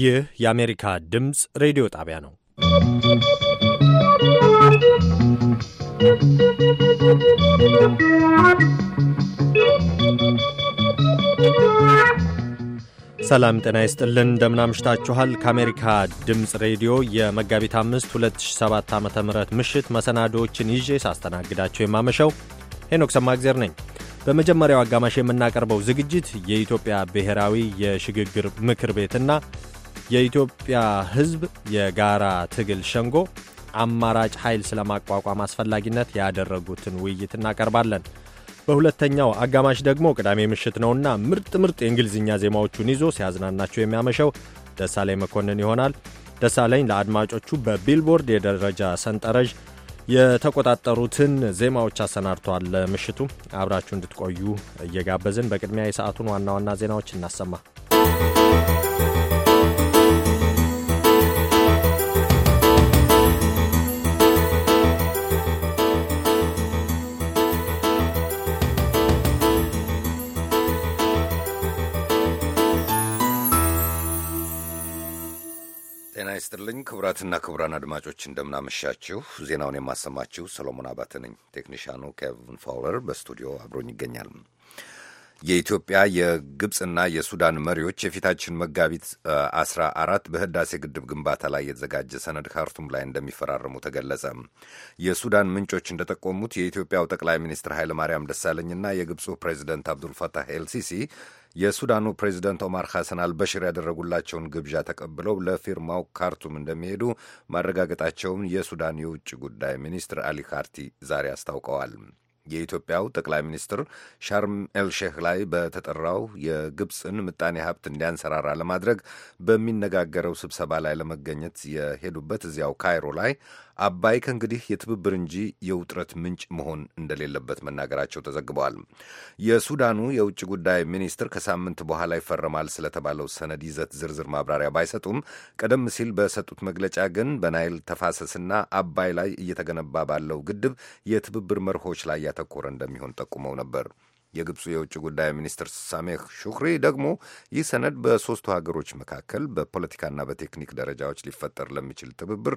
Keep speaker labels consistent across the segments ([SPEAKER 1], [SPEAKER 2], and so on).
[SPEAKER 1] ይህ የአሜሪካ ድምፅ ሬዲዮ ጣቢያ ነው። ሰላም ጤና ይስጥልን። እንደምናምሽታችኋል። ከአሜሪካ ድምፅ ሬዲዮ የመጋቢት 5 2007 ዓ ም ምሽት መሰናዶዎችን ይዤ ሳስተናግዳቸው የማመሸው ሄኖክ ሰማእግዜር ነኝ። በመጀመሪያው አጋማሽ የምናቀርበው ዝግጅት የኢትዮጵያ ብሔራዊ የሽግግር ምክር ቤትና የኢትዮጵያ ሕዝብ የጋራ ትግል ሸንጎ አማራጭ ኃይል ስለማቋቋም አስፈላጊነት ያደረጉትን ውይይት እናቀርባለን። በሁለተኛው አጋማሽ ደግሞ ቅዳሜ ምሽት ነውና ምርጥ ምርጥ የእንግሊዝኛ ዜማዎቹን ይዞ ሲያዝናናቸው የሚያመሸው ደሳለኝ መኮንን ይሆናል። ደሳለኝ ለአድማጮቹ በቢልቦርድ የደረጃ ሰንጠረዥ የተቆጣጠሩትን ዜማዎች አሰናድተዋል። ለምሽቱ አብራችሁ እንድትቆዩ እየጋበዝን በቅድሚያ የሰዓቱን ዋና ዋና ዜናዎች እናሰማ።
[SPEAKER 2] ይስጥልኝ ክቡራትና ክቡራን አድማጮች እንደምናመሻችሁ። ዜናውን የማሰማችሁ ሰሎሞን አባተ ነኝ። ቴክኒሻኑ ኬቭን ፋውለር በስቱዲዮ አብሮኝ ይገኛል። የኢትዮጵያ የግብፅና የሱዳን መሪዎች የፊታችን መጋቢት 14 በህዳሴ ግድብ ግንባታ ላይ የተዘጋጀ ሰነድ ካርቱም ላይ እንደሚፈራረሙ ተገለጸ። የሱዳን ምንጮች እንደጠቆሙት የኢትዮጵያው ጠቅላይ ሚኒስትር ኃይለማርያም ደሳለኝና የግብፁ ፕሬዚደንት አብዱልፈታህ ኤልሲሲ የሱዳኑ ፕሬዚደንት ኦማር ሐሰን አልበሽር ያደረጉላቸውን ግብዣ ተቀብለው ለፊርማው ካርቱም እንደሚሄዱ ማረጋገጣቸውን የሱዳን የውጭ ጉዳይ ሚኒስትር አሊ ካርቲ ዛሬ አስታውቀዋል። የኢትዮጵያው ጠቅላይ ሚኒስትር ሻርም ኤልሼህ ላይ በተጠራው የግብፅን ምጣኔ ሀብት እንዲያንሰራራ ለማድረግ በሚነጋገረው ስብሰባ ላይ ለመገኘት የሄዱበት እዚያው ካይሮ ላይ አባይ ከእንግዲህ የትብብር እንጂ የውጥረት ምንጭ መሆን እንደሌለበት መናገራቸው ተዘግበዋል። የሱዳኑ የውጭ ጉዳይ ሚኒስትር ከሳምንት በኋላ ይፈረማል ስለተባለው ሰነድ ይዘት ዝርዝር ማብራሪያ ባይሰጡም ቀደም ሲል በሰጡት መግለጫ ግን በናይል ተፋሰስና አባይ ላይ እየተገነባ ባለው ግድብ የትብብር መርሆች ላይ ያተኮረ እንደሚሆን ጠቁመው ነበር። የግብፁ የውጭ ጉዳይ ሚኒስትር ሳሜህ ሹክሪ ደግሞ ይህ ሰነድ በሦስቱ ሀገሮች መካከል በፖለቲካና በቴክኒክ ደረጃዎች ሊፈጠር ለሚችል ትብብር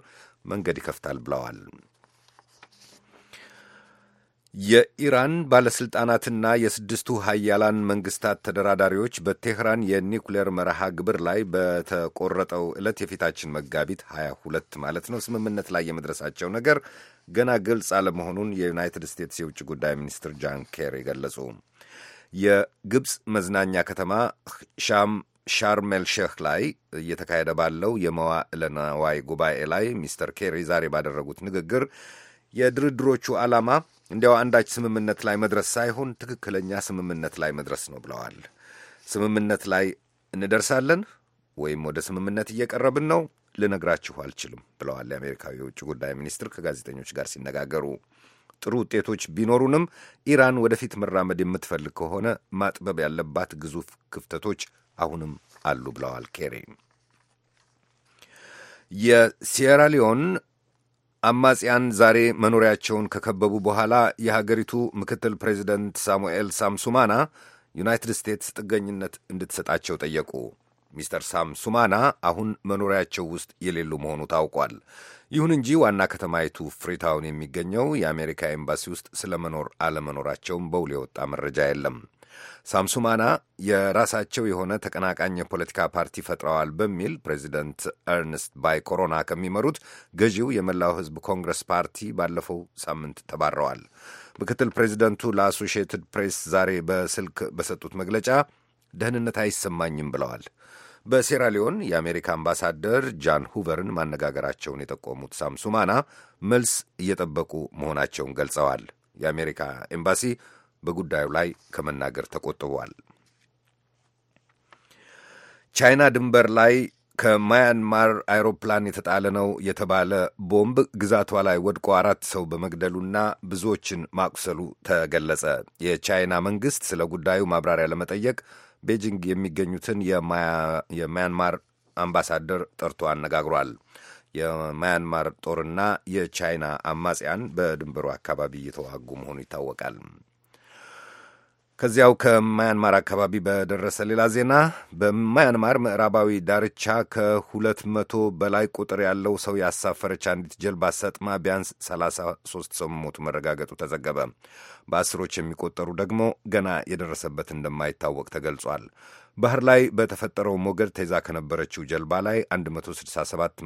[SPEAKER 2] መንገድ ይከፍታል ብለዋል። የኢራን ባለሥልጣናትና የስድስቱ ሀያላን መንግስታት ተደራዳሪዎች በቴህራን የኒውክሌር መርሃ ግብር ላይ በተቆረጠው ዕለት የፊታችን መጋቢት 22 ማለት ነው ስምምነት ላይ የመድረሳቸው ነገር ገና ግልጽ አለመሆኑን የዩናይትድ ስቴትስ የውጭ ጉዳይ ሚኒስትር ጃን ኬሪ ገለጹ። የግብፅ መዝናኛ ከተማ ሻም ሻርሜል ሼህ ላይ እየተካሄደ ባለው የመዋዕለ ነዋይ ጉባኤ ላይ ሚስተር ኬሪ ዛሬ ባደረጉት ንግግር የድርድሮቹ ዓላማ እንዲያው አንዳች ስምምነት ላይ መድረስ ሳይሆን ትክክለኛ ስምምነት ላይ መድረስ ነው ብለዋል። ስምምነት ላይ እንደርሳለን ወይም ወደ ስምምነት እየቀረብን ነው ልነግራችሁ አልችልም ብለዋል። የአሜሪካዊ የውጭ ጉዳይ ሚኒስትር ከጋዜጠኞች ጋር ሲነጋገሩ ጥሩ ውጤቶች ቢኖሩንም ኢራን ወደፊት መራመድ የምትፈልግ ከሆነ ማጥበብ ያለባት ግዙፍ ክፍተቶች አሁንም አሉ ብለዋል ኬሪ የሲየራሊዮን አማጽያን ዛሬ መኖሪያቸውን ከከበቡ በኋላ የሀገሪቱ ምክትል ፕሬዚደንት ሳሙኤል ሳምሱማና ዩናይትድ ስቴትስ ጥገኝነት እንድትሰጣቸው ጠየቁ። ሚስተር ሳምሱማና አሁን መኖሪያቸው ውስጥ የሌሉ መሆኑ ታውቋል። ይሁን እንጂ ዋና ከተማይቱ ፍሪታውን የሚገኘው የአሜሪካ ኤምባሲ ውስጥ ስለ መኖር አለመኖራቸውም በውል የወጣ መረጃ የለም። ሳምሱማና የራሳቸው የሆነ ተቀናቃኝ የፖለቲካ ፓርቲ ፈጥረዋል በሚል ፕሬዚደንት ኤርንስት ባይ ኮሮና ከሚመሩት ገዢው የመላው ሕዝብ ኮንግረስ ፓርቲ ባለፈው ሳምንት ተባረዋል። ምክትል ፕሬዚደንቱ ለአሶሺየትድ ፕሬስ ዛሬ በስልክ በሰጡት መግለጫ ደህንነት አይሰማኝም ብለዋል። በሴራሊዮን የአሜሪካ አምባሳደር ጃን ሁቨርን ማነጋገራቸውን የጠቆሙት ሳምሱማና መልስ እየጠበቁ መሆናቸውን ገልጸዋል። የአሜሪካ ኤምባሲ በጉዳዩ ላይ ከመናገር ተቆጥቧል። ቻይና ድንበር ላይ ከማያንማር አይሮፕላን የተጣለ ነው የተባለ ቦምብ ግዛቷ ላይ ወድቆ አራት ሰው በመግደሉና ብዙዎችን ማቁሰሉ ተገለጸ። የቻይና መንግሥት ስለ ጉዳዩ ማብራሪያ ለመጠየቅ ቤጂንግ የሚገኙትን የማያንማር አምባሳደር ጠርቶ አነጋግሯል። የማያንማር ጦርና የቻይና አማጽያን በድንበሩ አካባቢ እየተዋጉ መሆኑ ይታወቃል። ከዚያው ከማያንማር አካባቢ በደረሰ ሌላ ዜና በማያንማር ምዕራባዊ ዳርቻ ከሁለት መቶ በላይ ቁጥር ያለው ሰው ያሳፈረች አንዲት ጀልባ ሰጥማ ቢያንስ 33 ሰው መሞቱ መረጋገጡ ተዘገበ። በአስሮች የሚቆጠሩ ደግሞ ገና የደረሰበት እንደማይታወቅ ተገልጿል። ባህር ላይ በተፈጠረው ሞገድ ተይዛ ከነበረችው ጀልባ ላይ 167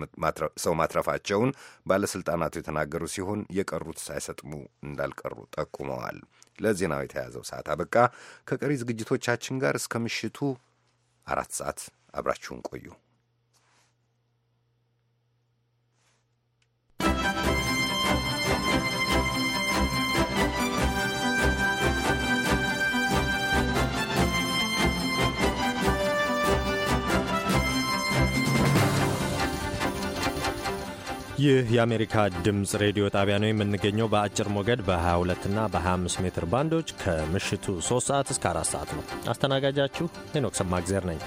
[SPEAKER 2] ሰው ማትረፋቸውን ባለሥልጣናቱ የተናገሩ ሲሆን የቀሩት ሳይሰጥሙ እንዳልቀሩ ጠቁመዋል። ለዜናው የተያዘው ሰዓት አበቃ። ከቀሪ ዝግጅቶቻችን ጋር እስከ ምሽቱ አራት ሰዓት አብራችሁን ቆዩ።
[SPEAKER 1] ይህ የአሜሪካ ድምፅ ሬዲዮ ጣቢያ ነው። የምንገኘው በአጭር ሞገድ በ22 እና በ25 ሜትር ባንዶች ከምሽቱ 3 ሰዓት እስከ 4 ሰዓት ነው። አስተናጋጃችሁ ሄኖክ ሰማግዜር ነኝ።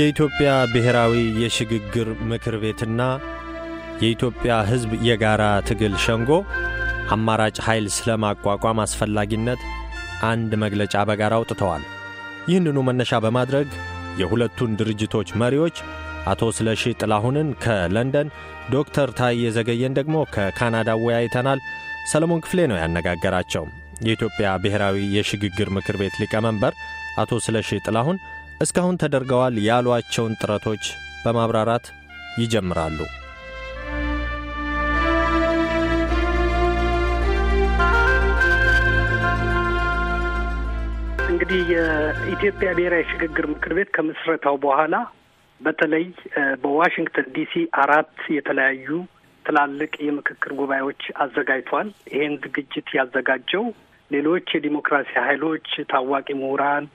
[SPEAKER 1] የኢትዮጵያ ብሔራዊ የሽግግር ምክር ቤትና የኢትዮጵያ ሕዝብ የጋራ ትግል ሸንጎ አማራጭ ኃይል ስለ ማቋቋም አስፈላጊነት አንድ መግለጫ በጋራ አውጥተዋል። ይህንኑ መነሻ በማድረግ የሁለቱን ድርጅቶች መሪዎች አቶ ስለሺ ጥላሁንን ከለንደን ዶክተር ታዬ ዘገየን ደግሞ ከካናዳ ወያይተናል። ሰለሞን ክፍሌ ነው ያነጋገራቸው። የኢትዮጵያ ብሔራዊ የሽግግር ምክር ቤት ሊቀመንበር አቶ ስለሺ ጥላሁን እስካሁን ተደርገዋል ያሏቸውን ጥረቶች በማብራራት ይጀምራሉ።
[SPEAKER 3] እንግዲህ የኢትዮጵያ ብሔራዊ ሽግግር ምክር ቤት ከምስረታው በኋላ በተለይ በዋሽንግተን ዲሲ አራት የተለያዩ ትላልቅ የምክክር ጉባኤዎች አዘጋጅቷል። ይሄን ዝግጅት ያዘጋጀው ሌሎች የዲሞክራሲ ኃይሎች፣ ታዋቂ ምሁራን፣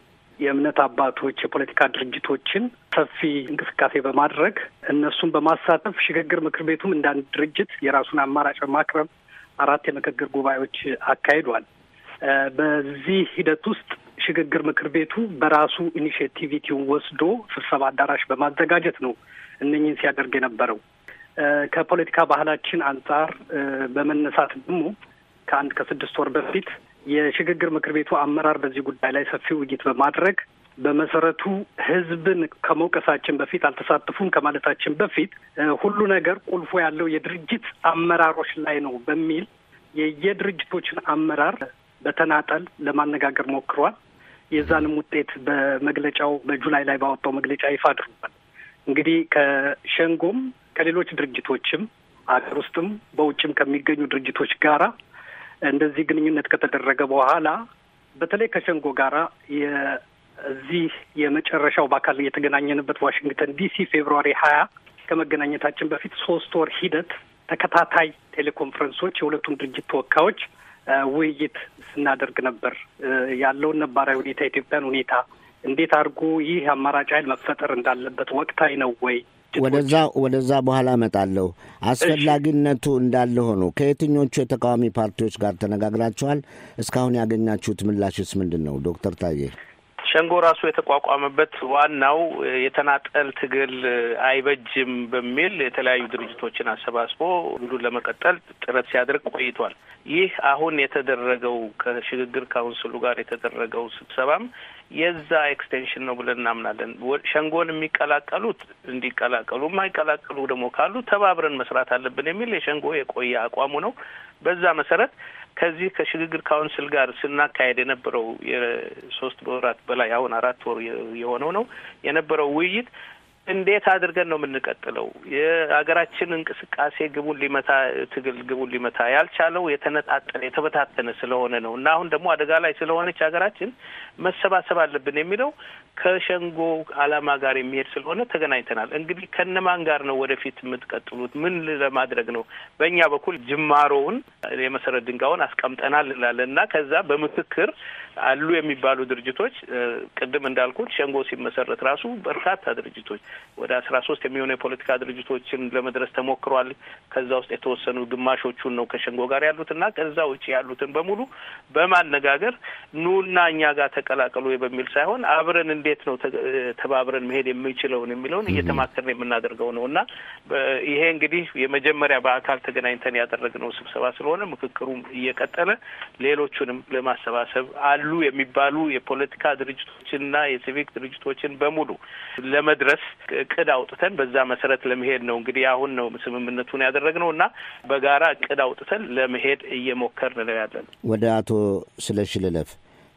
[SPEAKER 3] የእምነት አባቶች፣ የፖለቲካ ድርጅቶችን ሰፊ እንቅስቃሴ በማድረግ እነሱን በማሳተፍ ሽግግር ምክር ቤቱም እንደ አንድ ድርጅት የራሱን አማራጭ በማቅረብ አራት የምክክር ጉባኤዎች አካሂዷል። በዚህ ሂደት ውስጥ ሽግግር ምክር ቤቱ በራሱ ኢኒሽቲቪቲውን ወስዶ ስብሰባ አዳራሽ በማዘጋጀት ነው እነኝን ሲያደርግ የነበረው። ከፖለቲካ ባህላችን አንጻር በመነሳት ደግሞ ከአንድ ከስድስት ወር በፊት የሽግግር ምክር ቤቱ አመራር በዚህ ጉዳይ ላይ ሰፊ ውይይት በማድረግ በመሰረቱ ህዝብን ከመውቀሳችን በፊት አልተሳተፉም ከማለታችን በፊት ሁሉ ነገር ቁልፎ ያለው የድርጅት አመራሮች ላይ ነው በሚል የየድርጅቶችን አመራር በተናጠል ለማነጋገር ሞክሯል። የዛንም ውጤት በመግለጫው በጁላይ ላይ ባወጣው መግለጫ ይፋ አድርጓል። እንግዲህ ከሸንጎም ከሌሎች ድርጅቶችም አገር ውስጥም በውጭም ከሚገኙ ድርጅቶች ጋራ እንደዚህ ግንኙነት ከተደረገ በኋላ በተለይ ከሸንጎ ጋራ የዚህ የመጨረሻው በአካል የተገናኘንበት ዋሽንግተን ዲሲ ፌብርዋሪ ሀያ ከመገናኘታችን በፊት ሶስት ወር ሂደት ተከታታይ ቴሌኮንፈረንሶች የሁለቱም ድርጅት ተወካዮች ውይይት ስናደርግ ነበር። ያለውን ነባራዊ ሁኔታ ኢትዮጵያን ሁኔታ እንዴት አድርጎ ይህ አማራጭ ኃይል መፈጠር እንዳለበት ወቅታዊ ነው ወይ?
[SPEAKER 4] ወደዛ ወደዛ በኋላ እመጣለሁ። አስፈላጊነቱ እንዳለ ሆኖ ከየትኞቹ የተቃዋሚ ፓርቲዎች ጋር ተነጋግራችኋል? እስካሁን ያገኛችሁት ምላሽስ ምንድን ነው? ዶክተር ታዬ
[SPEAKER 5] ሸንጎ ራሱ የተቋቋመበት ዋናው የተናጠል ትግል አይበጅም በሚል የተለያዩ ድርጅቶችን አሰባስቦ ትግሉን ለመቀጠል ጥረት ሲያደርግ ቆይቷል። ይህ አሁን የተደረገው ከሽግግር ካውንስሉ ጋር የተደረገው ስብሰባም የዛ ኤክስቴንሽን ነው ብለን እናምናለን። ሸንጎን የሚቀላቀሉት እንዲቀላቀሉ፣ የማይቀላቀሉ ደግሞ ካሉ ተባብረን መስራት አለብን የሚል የሸንጎ የቆየ አቋሙ ነው። በዛ መሰረት ከዚህ ከሽግግር ካውንስል ጋር ስናካሄድ የነበረው የሶስት ወራት በላይ አሁን አራት ወር የሆነው ነው የነበረው ውይይት እንዴት አድርገን ነው የምንቀጥለው? የሀገራችን እንቅስቃሴ ግቡን ሊመታ ትግል ግቡን ሊመታ ያልቻለው የተነጣጠለ የተበታተነ ስለሆነ ነው እና አሁን ደግሞ አደጋ ላይ ስለሆነች ሀገራችን መሰባሰብ አለብን የሚለው ከሸንጎ ዓላማ ጋር የሚሄድ ስለሆነ ተገናኝተናል። እንግዲህ ከነማን ጋር ነው ወደፊት የምትቀጥሉት? ምን ለማድረግ ነው? በእኛ በኩል ጅማሮውን የመሰረት ድንጋዩን አስቀምጠናል እንላለን እና ከዛ በምክክር አሉ የሚባሉ ድርጅቶች ቅድም እንዳልኩት ሸንጎ ሲመሰረት ራሱ በርካታ ድርጅቶች ወደ አስራ ሶስት የሚሆኑ የፖለቲካ ድርጅቶችን ለመድረስ ተሞክሯል። ከዛ ውስጥ የተወሰኑ ግማሾቹን ነው ከሸንጎ ጋር ያሉት እና ከዛ ውጭ ያሉትን በሙሉ በማነጋገር ኑና እኛ ጋር ተቀላቀሉ በሚል ሳይሆን አብረን እንዴት ነው ተባብረን መሄድ የምንችለውን የሚለውን እየተማከርን የምናደርገው ነው እና ይሄ እንግዲህ የመጀመሪያ በአካል ተገናኝተን ያደረግነው ስብሰባ ስለሆነ ምክክሩም እየቀጠለ ሌሎቹንም ለማሰባሰብ አሉ አሉ የሚባሉ የፖለቲካ ድርጅቶችንና የሲቪክ ድርጅቶችን በሙሉ ለመድረስ እቅድ አውጥተን በዛ መሰረት ለመሄድ ነው። እንግዲህ አሁን ነው ስምምነቱን ያደረግነው እና በጋራ እቅድ አውጥተን ለመሄድ እየሞከርን ነው ያለን።
[SPEAKER 4] ወደ አቶ ስለሺ ልለፍ።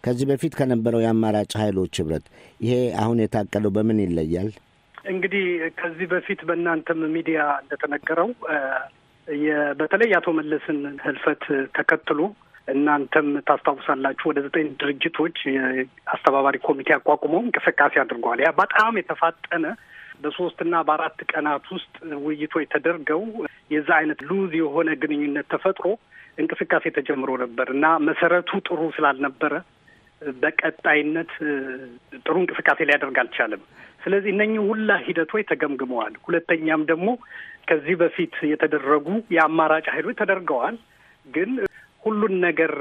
[SPEAKER 4] ከዚህ በፊት ከነበረው የአማራጭ ኃይሎች ህብረት ይሄ አሁን የታቀደው በምን ይለያል?
[SPEAKER 3] እንግዲህ ከዚህ በፊት በእናንተም ሚዲያ እንደተነገረው በተለይ አቶ መለስን ህልፈት ተከትሎ እናንተም ታስታውሳላችሁ ወደ ዘጠኝ ድርጅቶች የአስተባባሪ ኮሚቴ አቋቁመው እንቅስቃሴ አድርገዋል። ያ በጣም የተፋጠነ በሶስትና በአራት ቀናት ውስጥ ውይይቶች ተደርገው የዛ አይነት ሉዝ የሆነ ግንኙነት ተፈጥሮ እንቅስቃሴ ተጀምሮ ነበር እና መሰረቱ ጥሩ ስላልነበረ በቀጣይነት ጥሩ እንቅስቃሴ ሊያደርግ አልቻለም። ስለዚህ እነኚህ ሁላ ሂደቶች ተገምግመዋል። ሁለተኛም ደግሞ ከዚህ በፊት የተደረጉ የአማራጭ ኃይሎች ተደርገዋል ግን ሁሉን ነገር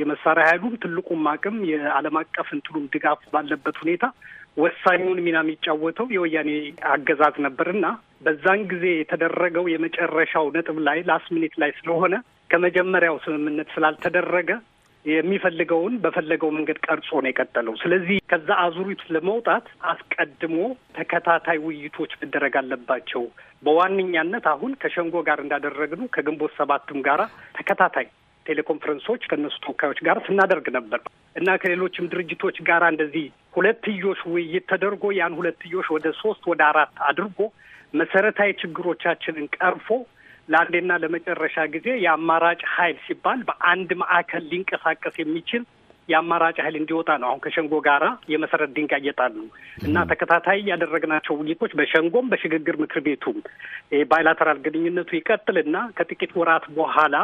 [SPEAKER 3] የመሳሪያ ኃይሉም ትልቁም አቅም የዓለም አቀፍ እንትሉም ድጋፍ ባለበት ሁኔታ ወሳኙን ሚና የሚጫወተው የወያኔ አገዛዝ ነበርና በዛን ጊዜ የተደረገው የመጨረሻው ነጥብ ላይ ሚኒት ላይ ስለሆነ ከመጀመሪያው ስምምነት ስላልተደረገ የሚፈልገውን በፈለገው መንገድ ቀርጾ ነው የቀጠለው። ስለዚህ ከዛ አዙሪት ለመውጣት አስቀድሞ ተከታታይ ውይይቶች መደረግ አለባቸው። በዋነኛነት አሁን ከሸንጎ ጋር እንዳደረግነው ከግንቦት ሰባትም ጋራ ተከታታይ ቴሌኮንፈረንሶች ከእነሱ ተወካዮች ጋር ስናደርግ ነበር እና ከሌሎችም ድርጅቶች ጋር እንደዚህ ሁለትዮሽ ውይይት ተደርጎ ያን ሁለትዮሽ ወደ ሶስት ወደ አራት አድርጎ መሰረታዊ ችግሮቻችንን ቀርፎ ለአንዴና ለመጨረሻ ጊዜ የአማራጭ ኃይል ሲባል በአንድ ማዕከል ሊንቀሳቀስ የሚችል የአማራጭ ኃይል እንዲወጣ ነው። አሁን ከሸንጎ ጋር የመሰረት ድንጋይ እየጣሉ እና ተከታታይ ያደረግናቸው ውይይቶች በሸንጎም በሽግግር ምክር ቤቱም ባይላተራል ግንኙነቱ ይቀጥልና ከጥቂት ወራት በኋላ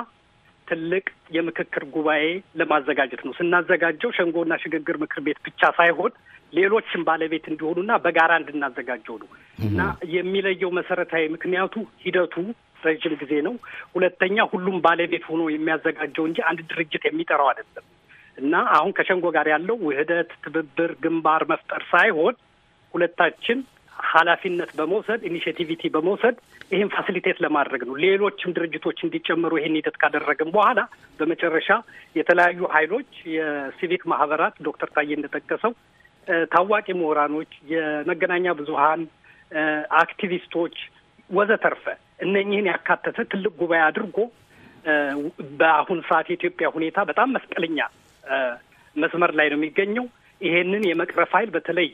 [SPEAKER 3] ትልቅ የምክክር ጉባኤ ለማዘጋጀት ነው። ስናዘጋጀው ሸንጎና ሽግግር ምክር ቤት ብቻ ሳይሆን ሌሎችም ባለቤት እንዲሆኑና በጋራ እንድናዘጋጀው ነው እና የሚለየው መሰረታዊ ምክንያቱ ሂደቱ ረጅም ጊዜ ነው። ሁለተኛ ሁሉም ባለቤት ሆኖ የሚያዘጋጀው እንጂ አንድ ድርጅት የሚጠራው አይደለም እና አሁን ከሸንጎ ጋር ያለው ውህደት፣ ትብብር፣ ግንባር መፍጠር ሳይሆን ሁለታችን ኃላፊነት በመውሰድ ኢኒሽቲቪቲ በመውሰድ ይህን ፋሲሊቴት ለማድረግ ነው። ሌሎችም ድርጅቶች እንዲጨመሩ ይህን ሂደት ካደረግም በኋላ በመጨረሻ የተለያዩ ኃይሎች፣ የሲቪክ ማህበራት፣ ዶክተር ታዬ እንደጠቀሰው ታዋቂ ምሁራኖች፣ የመገናኛ ብዙሀን አክቲቪስቶች ወዘተርፈ እነኚህን ያካተተ ትልቅ ጉባኤ አድርጎ በአሁን ሰዓት የኢትዮጵያ ሁኔታ በጣም መስቀለኛ መስመር ላይ ነው የሚገኘው። ይሄንን የመቅረፍ ኃይል በተለይ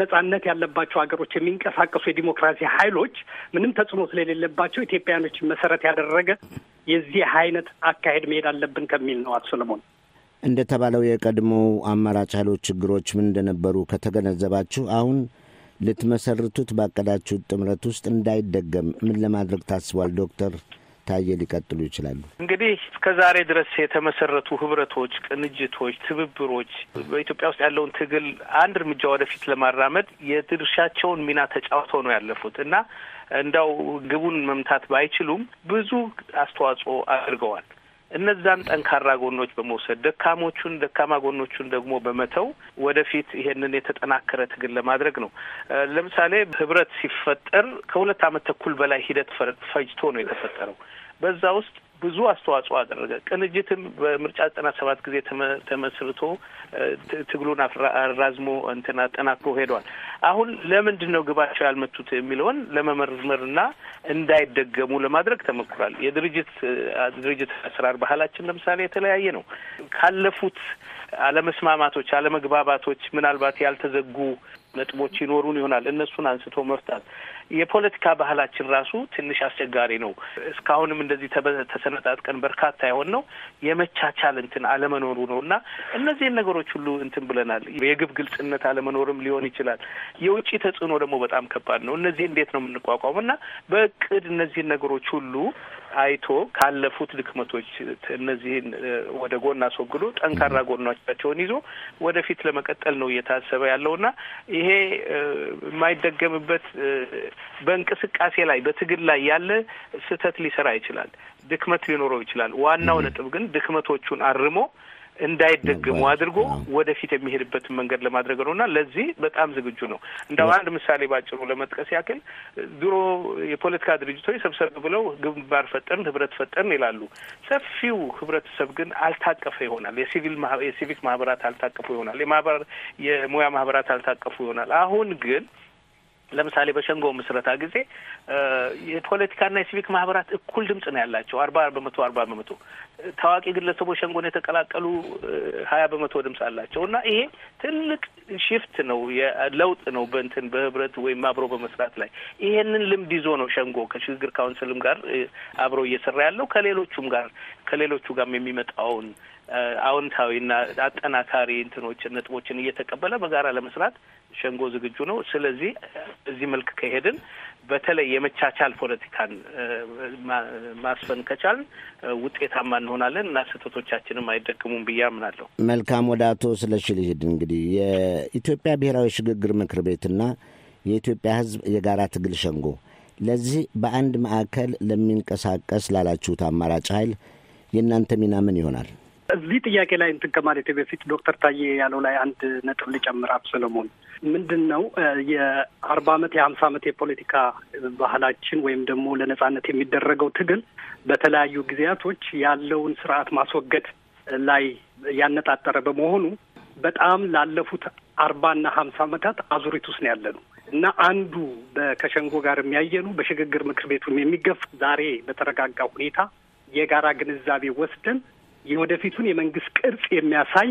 [SPEAKER 3] ነጻነት ያለባቸው ሀገሮች የሚንቀሳቀሱ የዲሞክራሲ ኃይሎች ምንም ተጽዕኖ ስለሌለባቸው ኢትዮጵያኖችን መሰረት ያደረገ የዚህ አይነት አካሄድ መሄድ አለብን ከሚል ነው። አቶ ሰለሞን
[SPEAKER 4] እንደተባለው የቀድሞ አማራጭ ኃይሎች ችግሮች ምን እንደነበሩ ከተገነዘባችሁ አሁን ልትመሰርቱት ባቀዳችሁት ጥምረት ውስጥ እንዳይደገም ምን ለማድረግ ታስቧል ዶክተር እየታየ ሊቀጥሉ ይችላሉ?
[SPEAKER 5] እንግዲህ እስከ ዛሬ ድረስ የተመሰረቱ ህብረቶች፣ ቅንጅቶች፣ ትብብሮች በኢትዮጵያ ውስጥ ያለውን ትግል አንድ እርምጃ ወደፊት ለማራመድ የድርሻቸውን ሚና ተጫውተው ነው ያለፉት እና እንዳው ግቡን መምታት ባይችሉም ብዙ አስተዋጽኦ አድርገዋል። እነዛን ጠንካራ ጎኖች በመውሰድ ደካሞቹን ደካማ ጎኖቹን ደግሞ በመተው ወደፊት ይሄንን የተጠናከረ ትግል ለማድረግ ነው። ለምሳሌ ህብረት ሲፈጠር ከሁለት ዓመት ተኩል በላይ ሂደት ፈጅቶ ነው የተፈጠረው። በዛ ውስጥ ብዙ አስተዋጽኦ አደረገ። ቅንጅትም በምርጫ ዘጠና ሰባት ጊዜ ተመስርቶ ትግሉን አራዝሞ እንትን አጠናክሮ ሄዷል። አሁን ለምንድን ነው ግባቸው ያልመቱት የሚለውን ለመመርመርና እንዳይደገሙ ለማድረግ ተሞክሯል። የድርጅት ድርጅት አሰራር ባህላችን ለምሳሌ የተለያየ ነው። ካለፉት አለመስማማቶች፣ አለመግባባቶች ምናልባት ያልተዘጉ ነጥቦች ይኖሩን ይሆናል። እነሱን አንስቶ መፍታት የፖለቲካ ባህላችን ራሱ ትንሽ አስቸጋሪ ነው። እስካሁንም እንደዚህ ተሰነጣጥቀን በርካታ የሆን ነው የመቻቻል እንትን አለመኖሩ ነው እና እነዚህን ነገሮች ሁሉ እንትን ብለናል። የግብ ግልጽነት አለመኖርም ሊሆን ይችላል። የውጭ ተጽዕኖ ደግሞ በጣም ከባድ ነው። እነዚህ እንዴት ነው የምንቋቋሙ እና በእቅድ እነዚህን ነገሮች ሁሉ አይቶ ካለፉት ድክመቶች እነዚህን ወደ ጎን አስወግዶ ጠንካራ ጎናቸውን ይዞ ወደፊት ለመቀጠል ነው እየታሰበ ያለውና ይሄ የማይደገምበት በእንቅስቃሴ ላይ በትግል ላይ ያለ ስህተት ሊሰራ ይችላል። ድክመት ሊኖረው ይችላል። ዋናው ነጥብ ግን ድክመቶቹን አርሞ እንዳይደገሙ አድርጎ ወደፊት የሚሄድበትን መንገድ ለማድረግ ነው እና ለዚህ በጣም ዝግጁ ነው። እንደው አንድ ምሳሌ ባጭሩ ለመጥቀስ ያክል ድሮ የፖለቲካ ድርጅቶች ሰብሰብ ብለው ግንባር ፈጠርን፣ ህብረት ፈጠርን ይላሉ። ሰፊው ህብረተሰብ ግን አልታቀፈ ይሆናል። የሲቪል የሲቪክ ማህበራት አልታቀፉ ይሆናል። የማህበር የሙያ ማህበራት አልታቀፉ ይሆናል። አሁን ግን ለምሳሌ በሸንጎ ምስረታ ጊዜ የፖለቲካና የሲቪክ ማህበራት እኩል ድምጽ ነው ያላቸው አርባ በመቶ አርባ በመቶ ታዋቂ ግለሰቦች ሸንጎን የተቀላቀሉ ሀያ በመቶ ድምጽ አላቸው እና ይሄ ትልቅ ሽፍት ነው ለውጥ ነው በእንትን በህብረት ወይም አብሮ በመስራት ላይ ይሄንን ልምድ ይዞ ነው ሸንጎ ከሽግግር ካውንስልም ጋር አብሮ እየሰራ ያለው ከሌሎቹም ጋር ከሌሎቹ ጋርም የሚመጣውን አዎንታዊና አጠናካሪ እንትኖችን ነጥቦችን እየተቀበለ በጋራ ለመስራት ሸንጎ ዝግጁ ነው። ስለዚህ እዚህ መልክ ከሄድን በተለይ የመቻቻል ፖለቲካን ማስፈን ከቻልን ውጤታማ እንሆናለን እና ስህተቶቻችንም አይደግሙም ብዬ አምናለሁ።
[SPEAKER 4] መልካም። ወደ አቶ ስለሺ ልሂድ። እንግዲህ የኢትዮጵያ ብሔራዊ ሽግግር ምክር ቤትና የኢትዮጵያ ሕዝብ የጋራ ትግል ሸንጎ ለዚህ በአንድ ማዕከል ለሚንቀሳቀስ ላላችሁት አማራጭ ኃይል የእናንተ ሚና ምን ይሆናል?
[SPEAKER 3] እዚህ ጥያቄ ላይ እንትን ከማለቴ በፊት ዶክተር ታዬ ያለው ላይ አንድ ነጥብ ልጨምር። አብ ሰለሞን ምንድን ነው የአርባ አመት የሀምሳ አመት የፖለቲካ ባህላችን ወይም ደግሞ ለነጻነት የሚደረገው ትግል በተለያዩ ጊዜያቶች ያለውን ስርዓት ማስወገድ ላይ ያነጣጠረ በመሆኑ በጣም ላለፉት አርባና ሀምሳ አመታት አዙሪት ውስጥ ያለ ነው እና አንዱ ከሸንጎ ጋር የሚያየኑ በሽግግር ምክር ቤቱም የሚገፍ ዛሬ በተረጋጋ ሁኔታ የጋራ ግንዛቤ ወስደን የወደፊቱን የመንግስት ቅርጽ የሚያሳይ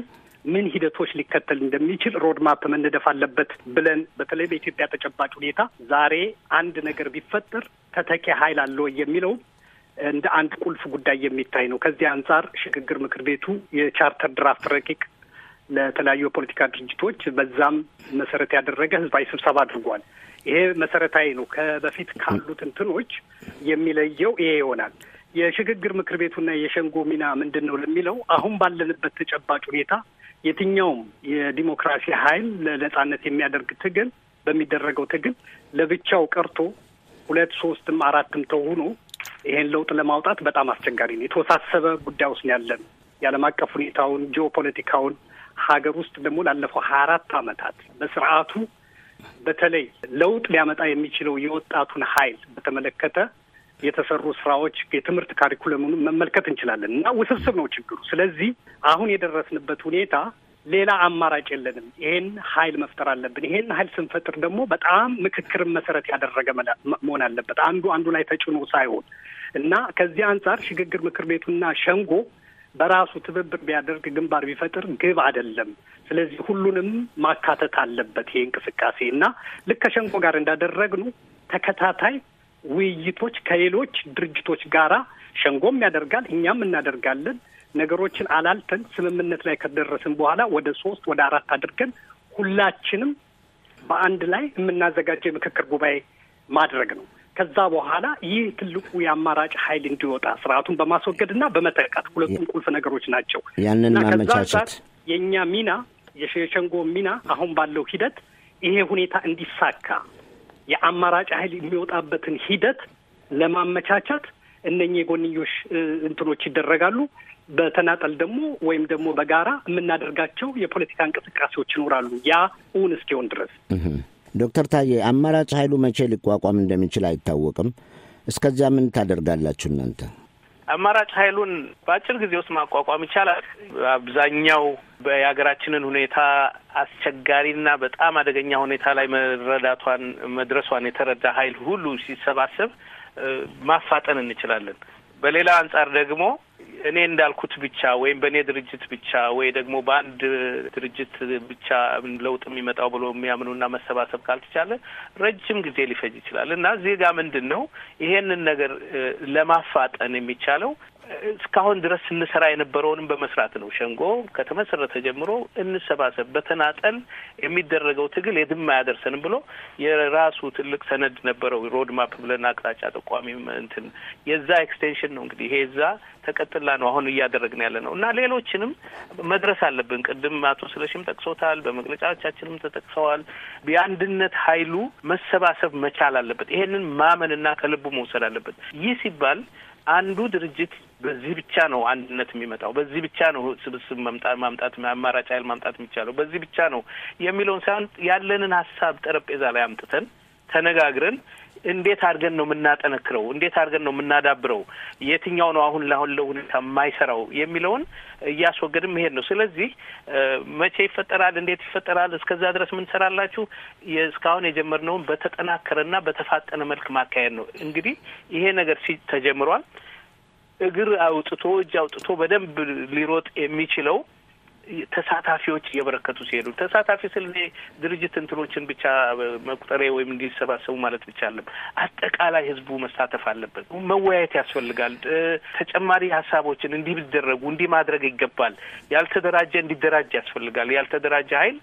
[SPEAKER 3] ምን ሂደቶች ሊከተል እንደሚችል ሮድማፕ መነደፍ አለበት ብለን በተለይ በኢትዮጵያ ተጨባጭ ሁኔታ ዛሬ አንድ ነገር ቢፈጠር ተተኪ ኃይል አለው የሚለው እንደ አንድ ቁልፍ ጉዳይ የሚታይ ነው። ከዚህ አንጻር ሽግግር ምክር ቤቱ የቻርተር ድራፍት ረቂቅ ለተለያዩ የፖለቲካ ድርጅቶች በዛም መሰረት ያደረገ ህዝባዊ ስብሰባ አድርጓል። ይሄ መሰረታዊ ነው። ከበፊት ካሉት እንትኖች የሚለየው ይሄ ይሆናል። የሽግግር ምክር ቤቱና የሸንጎ ሚና ምንድን ነው ለሚለው አሁን ባለንበት ተጨባጭ ሁኔታ የትኛውም የዲሞክራሲ ኃይል ለነጻነት የሚያደርግ ትግል በሚደረገው ትግል ለብቻው ቀርቶ ሁለት ሶስትም አራትም ተሆኖ ይሄን ለውጥ ለማውጣት በጣም አስቸጋሪ ነው። የተወሳሰበ ጉዳይ ውስጥ ያለን የዓለም አቀፍ ሁኔታውን፣ ጂኦፖለቲካውን ሀገር ውስጥ ደግሞ ላለፈው ሀያ አራት አመታት በስርዓቱ በተለይ ለውጥ ሊያመጣ የሚችለው የወጣቱን ኃይል በተመለከተ የተሰሩ ስራዎች የትምህርት ካሪኩለሙን መመልከት እንችላለን እና ውስብስብ ነው ችግሩ። ስለዚህ አሁን የደረስንበት ሁኔታ ሌላ አማራጭ የለንም። ይሄን ኃይል መፍጠር አለብን። ይሄን ኃይል ስንፈጥር ደግሞ በጣም ምክክርን መሰረት ያደረገ መሆን አለበት፣ አንዱ አንዱ ላይ ተጭኖ ሳይሆን እና ከዚህ አንጻር ሽግግር ምክር ቤቱና ሸንጎ በራሱ ትብብር ቢያደርግ ግንባር ቢፈጥር ግብ አይደለም። ስለዚህ ሁሉንም ማካተት አለበት ይሄ እንቅስቃሴ እና ልክ ከሸንጎ ጋር እንዳደረግነው ተከታታይ ውይይቶች ከሌሎች ድርጅቶች ጋራ ሸንጎም ያደርጋል፣ እኛም እናደርጋለን። ነገሮችን አላልተን ስምምነት ላይ ከደረስን በኋላ ወደ ሶስት ወደ አራት አድርገን ሁላችንም በአንድ ላይ የምናዘጋጀው የምክክር ጉባኤ ማድረግ ነው። ከዛ በኋላ ይህ ትልቁ የአማራጭ ኃይል እንዲወጣ ስርዓቱን በማስወገድ እና በመተካት ሁለቱም ቁልፍ ነገሮች ናቸው።
[SPEAKER 4] ያንን ማመቻቸት
[SPEAKER 3] የእኛ ሚና የሸንጎ ሚና አሁን ባለው ሂደት ይሄ ሁኔታ እንዲሳካ የአማራጭ ኃይል የሚወጣበትን ሂደት ለማመቻቸት እነኚህ የጎንዮሽ እንትኖች ይደረጋሉ። በተናጠል ደግሞ ወይም ደግሞ በጋራ የምናደርጋቸው የፖለቲካ እንቅስቃሴዎች ይኖራሉ። ያ
[SPEAKER 5] እውን እስኪሆን ድረስ
[SPEAKER 4] ዶክተር ታዬ አማራጭ ኃይሉ መቼ ሊቋቋም እንደሚችል አይታወቅም። እስከዚያ ምን ታደርጋላችሁ እናንተ?
[SPEAKER 5] አማራጭ ኃይሉን በአጭር ጊዜ ውስጥ ማቋቋም ይቻላል። አብዛኛው የሀገራችንን ሁኔታ አስቸጋሪና በጣም አደገኛ ሁኔታ ላይ መረዳቷን መድረሷን የተረዳ ኃይል ሁሉ ሲሰባሰብ ማፋጠን እንችላለን። በሌላ አንጻር ደግሞ እኔ እንዳልኩት ብቻ ወይም በእኔ ድርጅት ብቻ ወይ ደግሞ በአንድ ድርጅት ብቻ ለውጥ የሚመጣው ብሎ የሚያምኑና መሰባሰብ ካልተቻለ ረጅም ጊዜ ሊፈጅ ይችላል እና እዚህ ጋ ምንድን ነው ይሄንን ነገር ለማፋጠን የሚቻለው እስካሁን ድረስ ስንሰራ የነበረውንም በመስራት ነው። ሸንጎ ከተመሰረተ ጀምሮ እንሰባሰብ፣ በተናጠል የሚደረገው ትግል የትም አያደርሰንም ብሎ የራሱ ትልቅ ሰነድ ነበረው። ሮድማፕ ብለን አቅጣጫ ጠቋሚ እንትን የዛ ኤክስቴንሽን ነው እንግዲህ ይሄ ዛ ተቀጥላ ነው አሁን እያደረግን ያለ ነው እና ሌሎችንም መድረስ አለብን። ቅድም አቶ ስለሽም ጠቅሶታል፣ በመግለጫዎቻችንም ተጠቅሰዋል። የአንድነት ኃይሉ መሰባሰብ መቻል አለበት። ይሄንን ማመንና ከልቡ መውሰድ አለበት። ይህ ሲባል አንዱ ድርጅት በዚህ ብቻ ነው አንድነት የሚመጣው፣ በዚህ ብቻ ነው ስብስብ መምጣት ማምጣት አማራጭ ኃይል ማምጣት የሚቻለው፣ በዚህ ብቻ ነው የሚለውን ሳይሆን ያለንን ሀሳብ ጠረጴዛ ላይ አምጥተን ተነጋግረን እንዴት አድርገን ነው የምናጠነክረው? እንዴት አድርገን ነው የምናዳብረው? የትኛው ነው አሁን ለአሁን ለሁኔታ የማይሰራው የሚለውን እያስወገድን መሄድ ነው። ስለዚህ መቼ ይፈጠራል? እንዴት ይፈጠራል? እስከዛ ድረስ ምንሰራላችሁ? እስካሁን የጀመርነውን በተጠናከረና በተፋጠነ መልክ ማካሄድ ነው። እንግዲህ ይሄ ነገር ተጀምሯል። እግር አውጥቶ እጅ አውጥቶ በደንብ ሊሮጥ የሚችለው ተሳታፊዎች እየበረከቱ ሲሄዱ ተሳታፊ ስል እኔ ድርጅት እንትኖችን ብቻ መቁጠሬ ወይም እንዲሰባሰቡ ማለት ብቻ አለም አጠቃላይ ህዝቡ መሳተፍ አለበት። መወያየት ያስፈልጋል። ተጨማሪ ሀሳቦችን እንዲህ ቢደረጉ እንዲህ ማድረግ ይገባል። ያልተደራጀ እንዲደራጅ ያስፈልጋል። ያልተደራጀ ኃይል